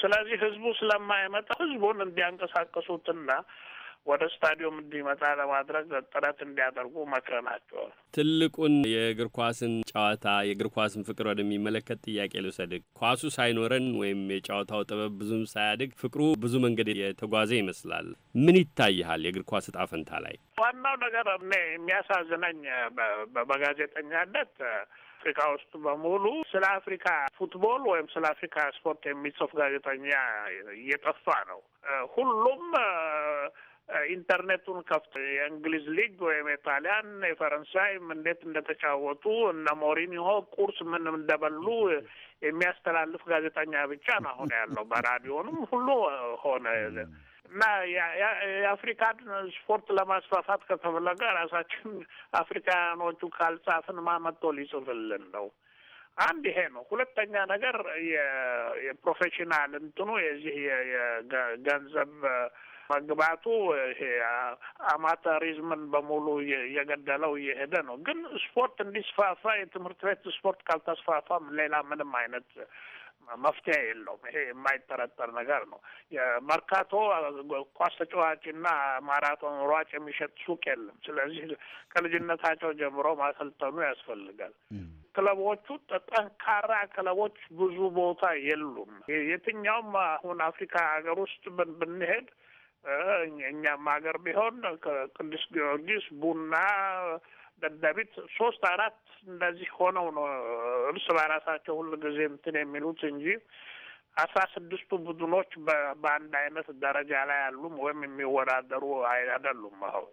ስለዚህ ህዝቡ ስለማይመጣ ህዝቡን እንዲያንቀሳቀሱትና ወደ ስታዲየም እንዲመጣ ለማድረግ ጥረት እንዲያደርጉ መክረናቸዋል። ትልቁን የእግር ኳስን ጨዋታ የእግር ኳስን ፍቅር ወደሚመለከት ጥያቄ ልውሰድግ። ኳሱ ሳይኖረን ወይም የጨዋታው ጥበብ ብዙም ሳያድግ ፍቅሩ ብዙ መንገድ የተጓዘ ይመስላል። ምን ይታይሃል የእግር ኳስ እጣ ፈንታ ላይ? ዋናው ነገር እኔ የሚያሳዝነኝ በጋዜጠኛነት አፍሪካ ውስጥ በሙሉ ስለ አፍሪካ ፉትቦል ወይም ስለ አፍሪካ ስፖርት የሚጽፍ ጋዜጠኛ እየጠፋ ነው። ሁሉም ኢንተርኔቱን ከፍቶ የእንግሊዝ ሊግ ወይም የጣሊያን የፈረንሳይም እንዴት እንደተጫወቱ እነ ሞሪኒሆ ቁርስ ምን እንደበሉ የሚያስተላልፍ ጋዜጠኛ ብቻ ነው አሁን ያለው። በራዲዮንም ሁሉ ሆነ እና የአፍሪካን ስፖርት ለማስፋፋት ከተፈለገ ራሳችን አፍሪካኖቹ ካልጻፍን ማመጦ ሊጽፍልን ነው። አንድ ይሄ ነው። ሁለተኛ ነገር የፕሮፌሽናል እንትኑ የዚህ የገንዘብ መግባቱ ይሄ አማተሪዝምን በሙሉ የገደለው እየሄደ ነው። ግን ስፖርት እንዲስፋፋ የትምህርት ቤት ስፖርት ካልተስፋፋ ሌላ ምንም አይነት መፍትሄ የለውም። ይሄ የማይጠረጠር ነገር ነው። የመርካቶ ኳስ ተጫዋችና ማራቶን ሯጭ የሚሸጥ ሱቅ የለም። ስለዚህ ከልጅነታቸው ጀምሮ ማሰልጠኑ ያስፈልጋል። ክለቦቹ ጠንካራ ክለቦች ብዙ ቦታ የሉም። የትኛውም አሁን አፍሪካ ሀገር ውስጥ ብንሄድ እኛም ሀገር ቢሆን ቅዱስ ጊዮርጊስ፣ ቡና፣ ደደቢት ሶስት አራት እንደዚህ ሆነው ነው እርስ በራሳቸው ሁሉ ጊዜ እንትን የሚሉት እንጂ አስራ ስድስቱ ቡድኖች በአንድ አይነት ደረጃ ላይ አሉም ወይም የሚወዳደሩ አይደሉም። አሁን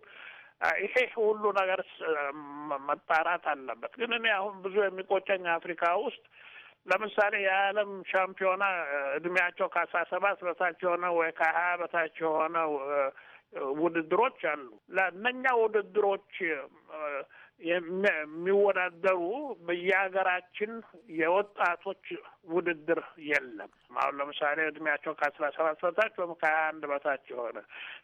ይሄ ሁሉ ነገር መጣራት አለበት። ግን እኔ አሁን ብዙ የሚቆጨኝ አፍሪካ ውስጥ ለምሳሌ የዓለም ሻምፒዮና እድሜያቸው ከአስራ ሰባት በታች የሆነ ወይ ከሀያ በታች የሆነ ውድድሮች አሉ። ለእነኛ ውድድሮች የሚወዳደሩ በየሀገራችን የወጣቶች ውድድር የለም። አሁን ለምሳሌ እድሜያቸው ከአስራ ሰባት በታች ወይም ከሀያ አንድ በታች የሆነ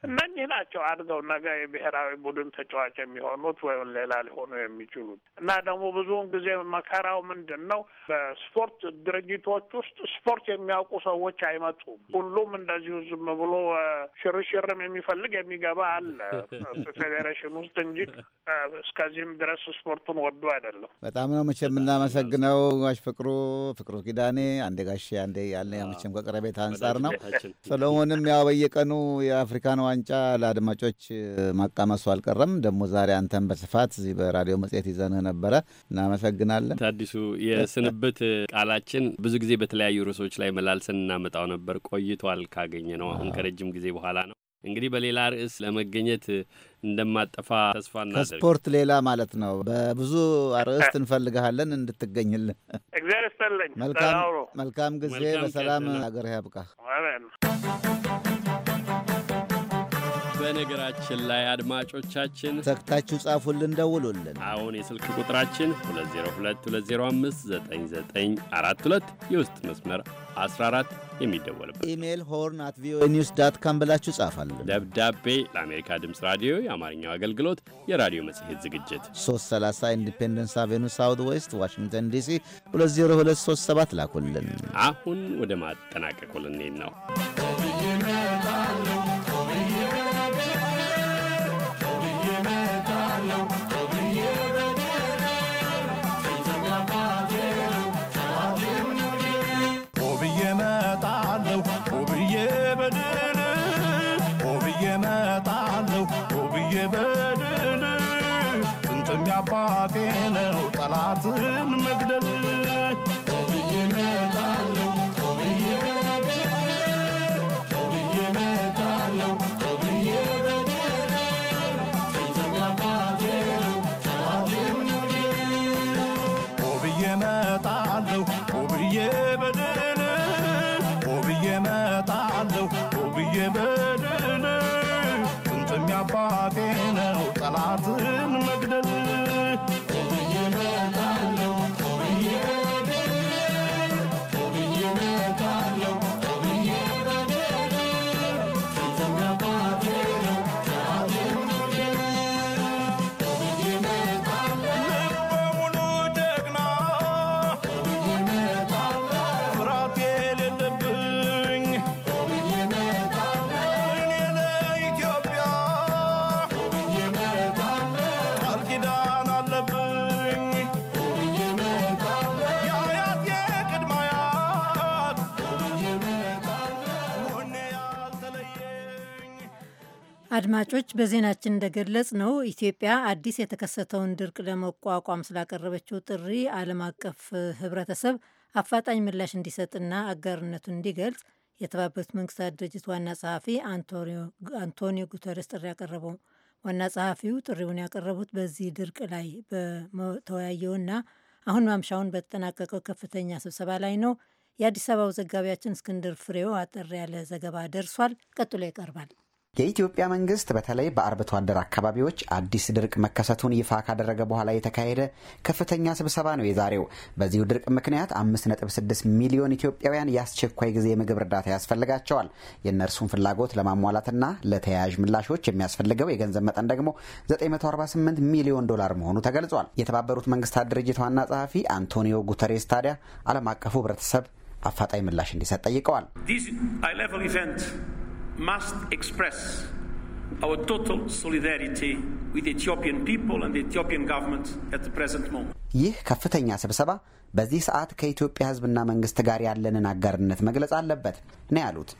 እነኚህ ናቸው አድገው ነገ የብሔራዊ ቡድን ተጫዋች የሚሆኑት ወይም ሌላ ሊሆኑ የሚችሉት እና ደግሞ ብዙውን ጊዜ መከራው ምንድን ነው? በስፖርት ድርጅቶች ውስጥ ስፖርት የሚያውቁ ሰዎች አይመጡም። ሁሉም እንደዚሁ ዝም ብሎ ሽርሽርም የሚፈልግ የሚገባ አለ ፌዴሬሽን ውስጥ እንጂ እስከዚህም ድረስ ስፖርቱን ወዶ አይደለም። በጣም ነው መቼ የምናመሰግነው ጋሽ ፍቅሩ ፍቅሩ ኪዳ ዳኔ፣ አንዴ ጋሼ፣ አንዴ ያለ መቼም ከቀረቤት አንጻር ነው። ሰሎሞንም ያው በየቀኑ የአፍሪካን ዋንጫ ለአድማጮች ማቃመሱ አልቀረም። ደግሞ ዛሬ አንተን በስፋት እዚህ በራዲዮ መጽሔት ይዘንህ ነበረ። እናመሰግናለን። አዲሱ የስንብት ቃላችን ብዙ ጊዜ በተለያዩ ርዕሶች ላይ መላልሰን እናመጣው ነበር። ቆይቷል ካገኘ ነው። አሁን ከረጅም ጊዜ በኋላ ነው። እንግዲህ በሌላ ርዕስ ለመገኘት እንደማጠፋ ተስፋ እና ከስፖርት ሌላ ማለት ነው። በብዙ ርዕስ እንፈልግሃለን እንድትገኝልን። እግዚአብሔር ይስጥልኝ። መልካም ጊዜ። በሰላም አገር ያብቃ። በነገራችን ላይ አድማጮቻችን ተክታችሁ ጻፉልን፣ ደውሉልን። አሁን የስልክ ቁጥራችን 2022059942 የውስጥ መስመር 14 የሚደወልበት ኢሜይል ሆርን አት ቪኦኤ ኒውስ ዳት ካም ብላችሁ ጻፋልን። ደብዳቤ ለአሜሪካ ድምፅ ራዲዮ የአማርኛው አገልግሎት የራዲዮ መጽሔት ዝግጅት 330 ኢንዲፔንደንስ አቬኑ ሳውት ዌስት ዋሽንግተን ዲሲ 20237 ላኩልን። አሁን ወደ ማጠናቀቁልን ነው። አባቴ ነው ጠላትን መግደል ተብዬ እመጣለሁ ተብዬ እመጣለሁ ተብዬ እመጣለሁ ውብዬ በደል ውብዬ እመጣለሁ ነው ጠላት አድማጮች በዜናችን እንደገለጽ ነው ኢትዮጵያ አዲስ የተከሰተውን ድርቅ ለመቋቋም ስላቀረበችው ጥሪ ዓለም አቀፍ ህብረተሰብ አፋጣኝ ምላሽ እንዲሰጥና አጋርነቱን እንዲገልጽ የተባበሩት መንግስታት ድርጅት ዋና ጸሐፊ አንቶኒዮ ጉተረስ ጥሪ ያቀረበው። ዋና ጸሐፊው ጥሪውን ያቀረቡት በዚህ ድርቅ ላይ በተወያየውና አሁን ማምሻውን በተጠናቀቀው ከፍተኛ ስብሰባ ላይ ነው። የአዲስ አበባው ዘጋቢያችን እስክንድር ፍሬው አጠር ያለ ዘገባ ደርሷል። ቀጥሎ ይቀርባል። የኢትዮጵያ መንግስት በተለይ በአርብቶ አደር አካባቢዎች አዲስ ድርቅ መከሰቱን ይፋ ካደረገ በኋላ የተካሄደ ከፍተኛ ስብሰባ ነው የዛሬው። በዚሁ ድርቅ ምክንያት 5.6 ሚሊዮን ኢትዮጵያውያን የአስቸኳይ ጊዜ የምግብ እርዳታ ያስፈልጋቸዋል። የእነርሱን ፍላጎት ለማሟላትና ለተያያዥ ምላሾች የሚያስፈልገው የገንዘብ መጠን ደግሞ 948 ሚሊዮን ዶላር መሆኑ ተገልጿል። የተባበሩት መንግስታት ድርጅት ዋና ጸሐፊ አንቶኒዮ ጉተሬስ ታዲያ ዓለም አቀፉ ህብረተሰብ አፋጣኝ ምላሽ እንዲሰጥ ጠይቀዋል። must express our total solidarity with Ethiopian people and the Ethiopian government at the present moment. ይህ ከፍተኛ ስብሰባ በዚህ ሰዓት ከኢትዮጵያ ሕዝብና መንግስት ጋር ያለንን አጋርነት መግለጽ አለበት ነው ያሉት።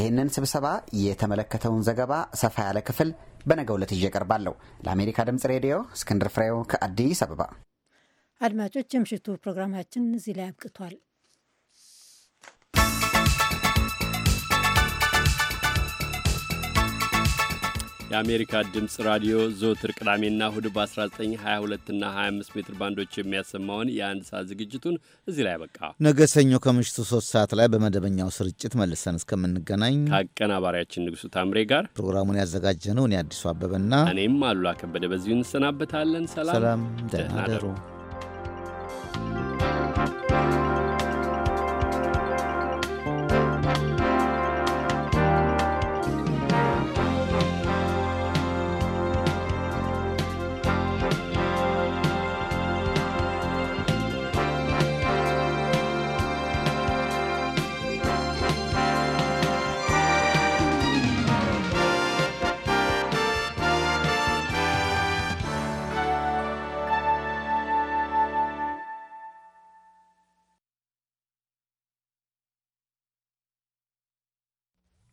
ይህንን ስብሰባ የተመለከተውን ዘገባ ሰፋ ያለ ክፍል በነገ ዕለት ይዤ እቀርባለሁ። ለአሜሪካ ድምፅ ሬዲዮ እስክንድር ፍሬው ከአዲስ አበባ። አድማጮች፣ የምሽቱ ፕሮግራማችን እዚህ ላይ አብቅቷል። የአሜሪካ ድምፅ ራዲዮ ዘወትር ቅዳሜና እሁድ በ1922 እና 25 ሜትር ባንዶች የሚያሰማውን የአንድ ሰዓት ዝግጅቱን እዚህ ላይ ያበቃ። ነገ ሰኞ ከምሽቱ ሶስት ሰዓት ላይ በመደበኛው ስርጭት መልሰን እስከምንገናኝ ከአቀናባሪያችን ንጉሱ ታምሬ ጋር ፕሮግራሙን ያዘጋጀነው እኔ አዲሱ አበበና እኔም አሉላ ከበደ በዚሁ እንሰናበታለን። ሰላም፣ ሰላም፣ ደህና ደሩ።